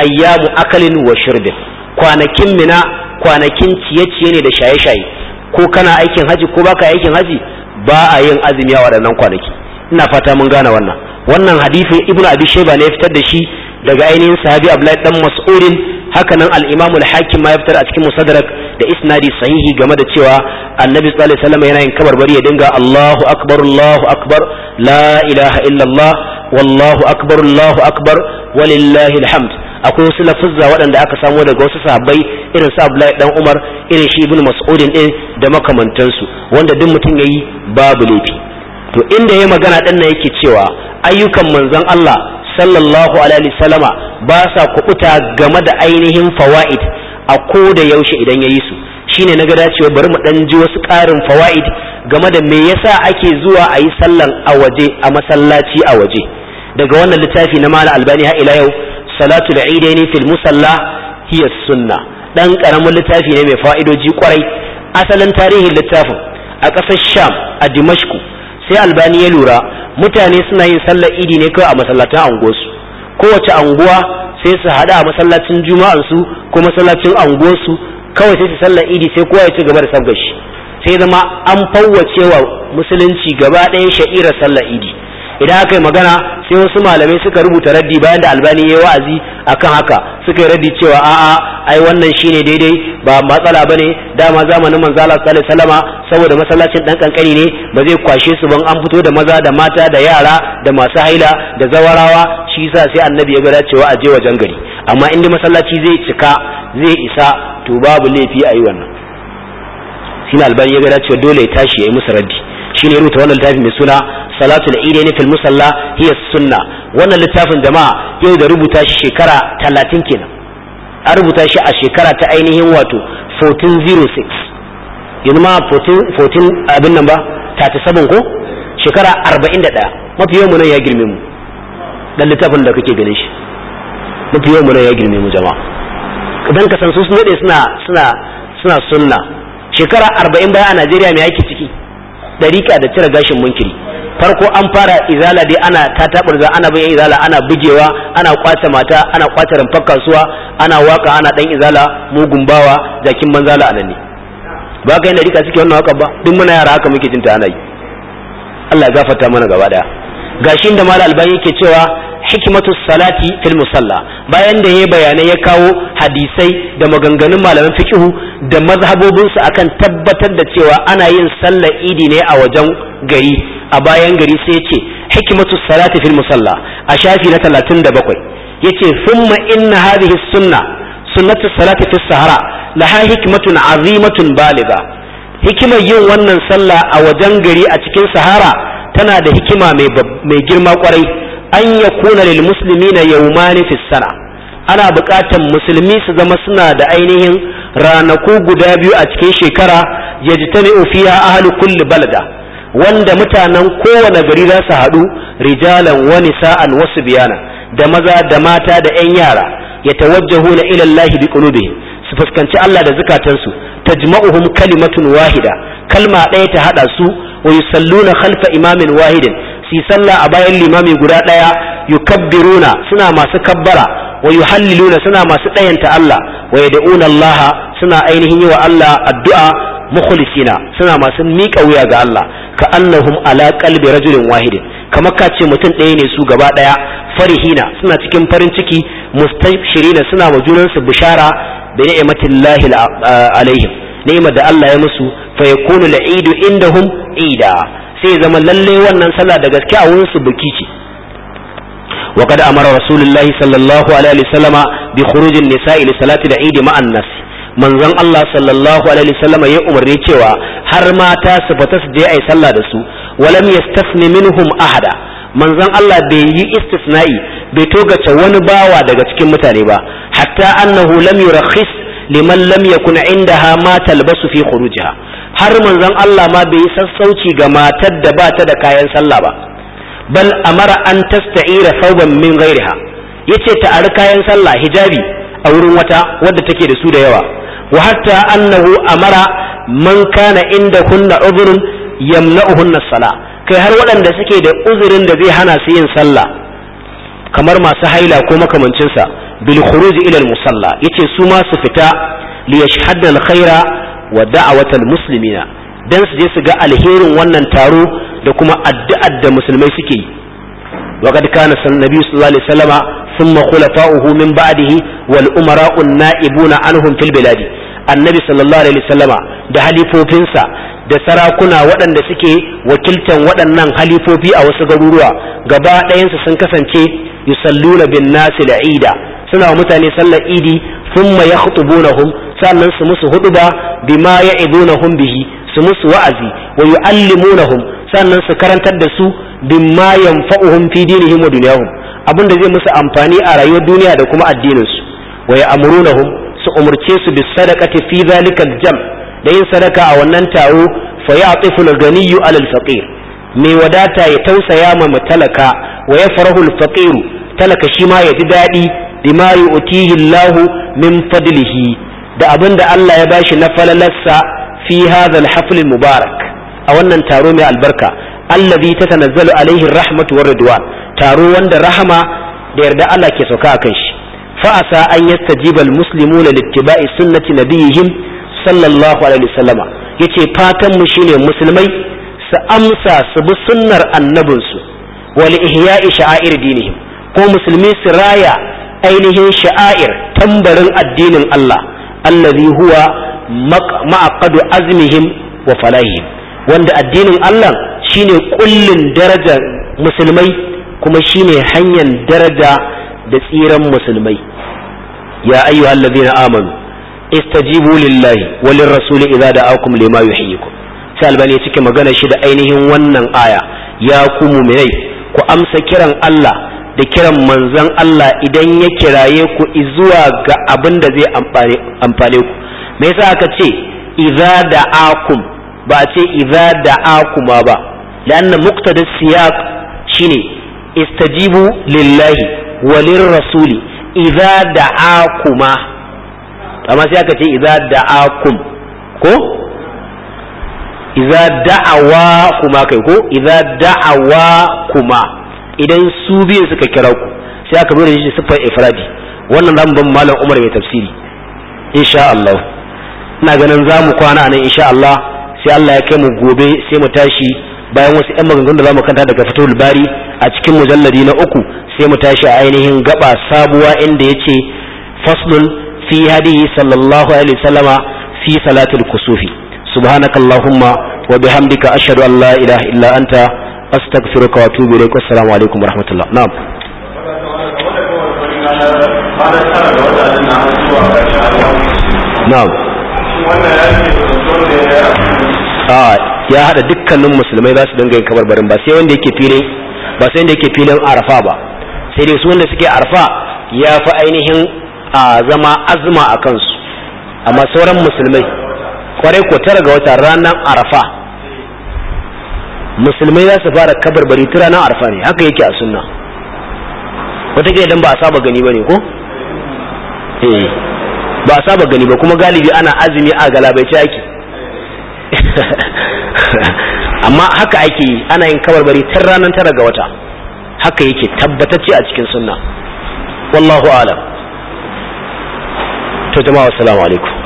ayyamu akalin wa shirbin kwanakin mina kwanakin ciye-ciye ne da shaye-shaye ko kana aikin haji ko baka aikin haji ba a yin azumi a waɗannan kwanaki ina fata mun gane wannan wannan hadisin ibnu abi shayba ne ya fitar da shi daga ainihin sahabi abdullahi dan mas'udin haka nan al-imamu al-hakim ma ya fitar a cikin musaddarak da isnadi sahihi game da cewa annabi sallallahu alaihi wasallam yana yin kabarbari ya dinga Allahu akbar Allahu akbar la ilaha illallah wallahu akbar Allahu akbar walillahi alhamd akwai wasu lafuzza waɗanda aka samo daga wasu sahabbai irin su Abdullahi dan Umar irin shi Ibn Mas'udin din da makamantansu wanda duk mutum yayi babu laifi to inda yayi magana din nan yake cewa ayyukan manzon Allah sallallahu alaihi wasallama ba sa kubuta game da ainihin fawaid a ko da yaushe idan ya yi su shine na ga cewa bari mu dan ji wasu ƙarin fawaid game da me yasa ake zuwa a yi sallan a waje a masallaci a waje daga wannan littafi na mala albani ha ila yau salatu da idaini fil musalla hiya sunna dan karamin littafi ne mai fa'idoji kwarai asalin tarihin littafin a ƙasar sham a dimashku sai albani ya lura mutane suna yin sallar idi ne kawai a masallatan anguwarsu kowace anguwa sai su haɗu a masallacin juma'an su ko masallacin anguwarsu kawai sai su sallar idi sai kowa ya ci gaba da sabgashi shi sai zama an fawwace wa musulunci gaba ɗaya sha'irar sallar idi idan aka yi magana sai wasu malamai suka rubuta raddi bayan da albani ya yi wa'azi akan haka suka yi raddi cewa a'a ai wannan shine daidai ba matsala bane dama zamanin manzo Allah sallallahu alaihi saboda masallacin dan kankani ne ba zai kwashe su ban an fito da maza da mata da yara da masu haila da zawarawa shi yasa sai annabi ya ga cewa a je wajen gari amma inda masallaci zai cika zai isa to babu laifi a yi wannan shine albani ya ga cewa dole ya tashi ya yi musu raddi shine rubuta wannan littafi mai suna salatul ne fil musalla hiya sunna wannan littafin jama'a yau da rubuta shi shekara 30 kenan an rubuta shi a shekara ta ainihin wato 1406 yanzu ma 14 abin nan ba 37 ko shekara 41 mafi yawan mu nan ya girme mu dan littafin da kake ganin shi mafi yawan mu nan ya girme mu jama'a idan ka san su sun suna suna suna sunna shekara 40 baya a Najeriya me yake ciki dariƙa da cire gashin munkiri farko an fara izala dai ana ta taɓarza ana bin izala ana bujewa ana kwace mata ana kwace rumfar kasuwa ana waka ana dan izala mugun bawa jakin banzala a nan ne ba ka yin dariƙa suke wannan waka ba duk muna yara haka muke jin ta ana yi Allah ya gafarta mana gaba daya gashi da mal albani yake cewa hikimatu salati fil musalla bayan da yayi bayanai ya kawo hadisai da maganganun malaman fikihu da mazhabobin akan tabbatar da cewa ana yin sallar idi ne a wajen gari a bayan gari sai yace hikimatu salati fil musalla a shafi na 37 yace thumma inna hadhihi sunna sunnatu salati fis sahara laha hikmatun azimatun baliga hikimar yin wannan sallah a wajen gari a cikin sahara tana da hikima mai girma kwarai an ya kuna lil muslimina yawmani fi ana buƙatar musulmi su zama suna da ainihin ranaku guda biyu a cikin shekara yajtami'u fiha ahlu kulli balada wanda mutanen kowane gari za su haɗu rijalan wani sa'an wasu biyana da maza da mata da 'yan yara ya tawajjahu na ilallahi bi qulubihim su fuskanci Allah da zukatansu tajma'uhum kalimatun wahida kalma ɗaya ta haɗa su wa yusalluna khalfa imamin wahidin si sallah a bayan limami guda ɗaya yukabbiruna suna masu kabbara wa suna masu dayanta Allah wa yad'una suna ainihin yi wa Allah addu'a mukhlisina suna masu miƙa wuya ga Allah ka annahum ala qalbi rajulin wahidin kama ka ce mutum ɗaya ne su gaba ɗaya farihina suna cikin farin ciki suna wa junansu bishara bi alaihim da Allah ya musu fa yakunu al-eid indahum ida sai zama lalle wannan sallah da gaske a wurin su biki ce wa Amar amara rasulullahi sallallahu alaihi wasallama bi khuruj an-nisa'i li salati al-eid ma'an nas manzon Allah sallallahu alaihi wasallama ya umarni cewa har mata su fita su je ayi sallah da su walam yastafni minhum ahada manzon Allah bai yi istisna'i bai togace wani bawa daga cikin mutane ba hatta annahu lam yurakhis liman lam yakun indaha ma talbasu fi khurujiha har manzon Allah ma bai sassauci ga matar da ba ta da kayan sallah ba bal amara an tasta'ira thawban min ghairiha yace ta ari kayan sallah hijabi a wurin wata wadda take da su da yawa wa hatta annahu amara man kana inda kunna udhrun yamna'uhunna sala kai har waɗanda suke da uzurin da zai hana su yin sallah kamar masu haila ko makamancinsa bil khuruj ila al musalla yace su ma su fita li yashhadu al khaira wa da'awat al muslimina dan su je su ga alherin wannan taro da kuma addu'ar da musulmai suke yi وقد كان النبي صلى الله عليه وسلم ثم خلفاؤه من بعده والأمراء النائبون عنهم في البلاد annabi sallallahu alaihi wasallama da halifofinsa da sarakuna waɗanda suke wakiltan waɗannan halifofi a wasu garuruwa gaba ɗayansu sun kasance yusalluna bin nasi la'ida suna wa mutane sallar idi thumma yakhutubunahum sannan su musu huduba bima ya'idunahum bihi su musu wa'azi wa yu'allimunahum sannan su karantar da su bima yanfa'uhum fi dinihim wa dunyahum abinda zai musu amfani a rayuwar duniya da kuma addinin su wa ya'murunahum su umarce su bi sadaqati fi zalika jam da yin sadaka a wannan taro fa ya'tifu ganiyyu alal faqir mai wadata ya tausaya ma talaka wa yafrahu al talaka shi ma ya ji dadi bima yu'tihi Allah min fadlihi da abinda Allah ya bashi na falalarsa fi hadha al-hafl mubarak a wannan taro mai albarka allazi tatanazzalu alaihi rahmatu war ridwan taro wanda rahama da yarda Allah ke sauka kan shi فعسى أن يستجيب المسلمون لاتباع سنة نبيهم صلى الله عليه وسلم يتي فاتم مشين المسلمين سأمسى سبسنر النبنس ولإحياء شعائر دينهم musulmi su raya ainihin sha'air tambarin addinin Allah allazi huwa ma'aqadu azmihim wa falahihim wanda addinin Allah shine kullin daraja musulmai kuma shine hanyar daraja da tsiran musulmai ya ayyuhal na amanu istajibu lillahi walin rasuli idza da'akum lima yuhyikum sai albani cike magana shi da ainihin wannan aya ya ku mu'minai ku amsa kiran Allah da kiran manzon Allah idan ya kiraye ku zuwa ga abin da zai amfane ku me yasa aka ce idza da'akum ba a ce idza da'akum ba lanna muqtada siyaq shine istajibu lillahi walin rasuli idza da'akuma amma sai aka ce idza da'akum ko idza da'awa kuma kai ko idza da'awa kuma idan su biyu suka kira ku sai aka zo da shi ifradi wannan zamu ban malam Umar mai tafsiri insha Allah ina ganin zamu kwana nan insha Allah sai Allah ya kai mu gobe sai mu tashi bayan wasu yan maganganun da za mu kanta daga fatul bari a cikin mujalladi na uku sai mu tashi a ainihin gaba sabuwa inda ya ce faslun fi hadihi sallallahu alaihi wasallama fi salatul kusufi subhanakallahumma wa bihamdika ashhadu an la ilaha illa anta astaghfiruka wa atubu ilaik assalamu alaikum wa rahmatullah na'am na'am ya hada dukkanin musulmai za su dinga yin kabarbarin ba sai wanda yake fili ba sai wanda yake filin arfa ba sai dai su wanda suke arfa ya fi ainihin a zama azma a kansu amma sauran musulmai kwarai ko tara ga wata ranar arfa musulmai za su fara kabarbari ta ranar arfa ne haka yake a sunna wataƙila idan ba a saba gani ba ne ko eh, ba a saba gani ba kuma galibi ana azumi a galabaice ake amma haka ake yi ana yin kabarbari tun ranar tara ga wata haka yake tabbatacce a cikin sunna wallahu alam to jama'a assalamu alaikum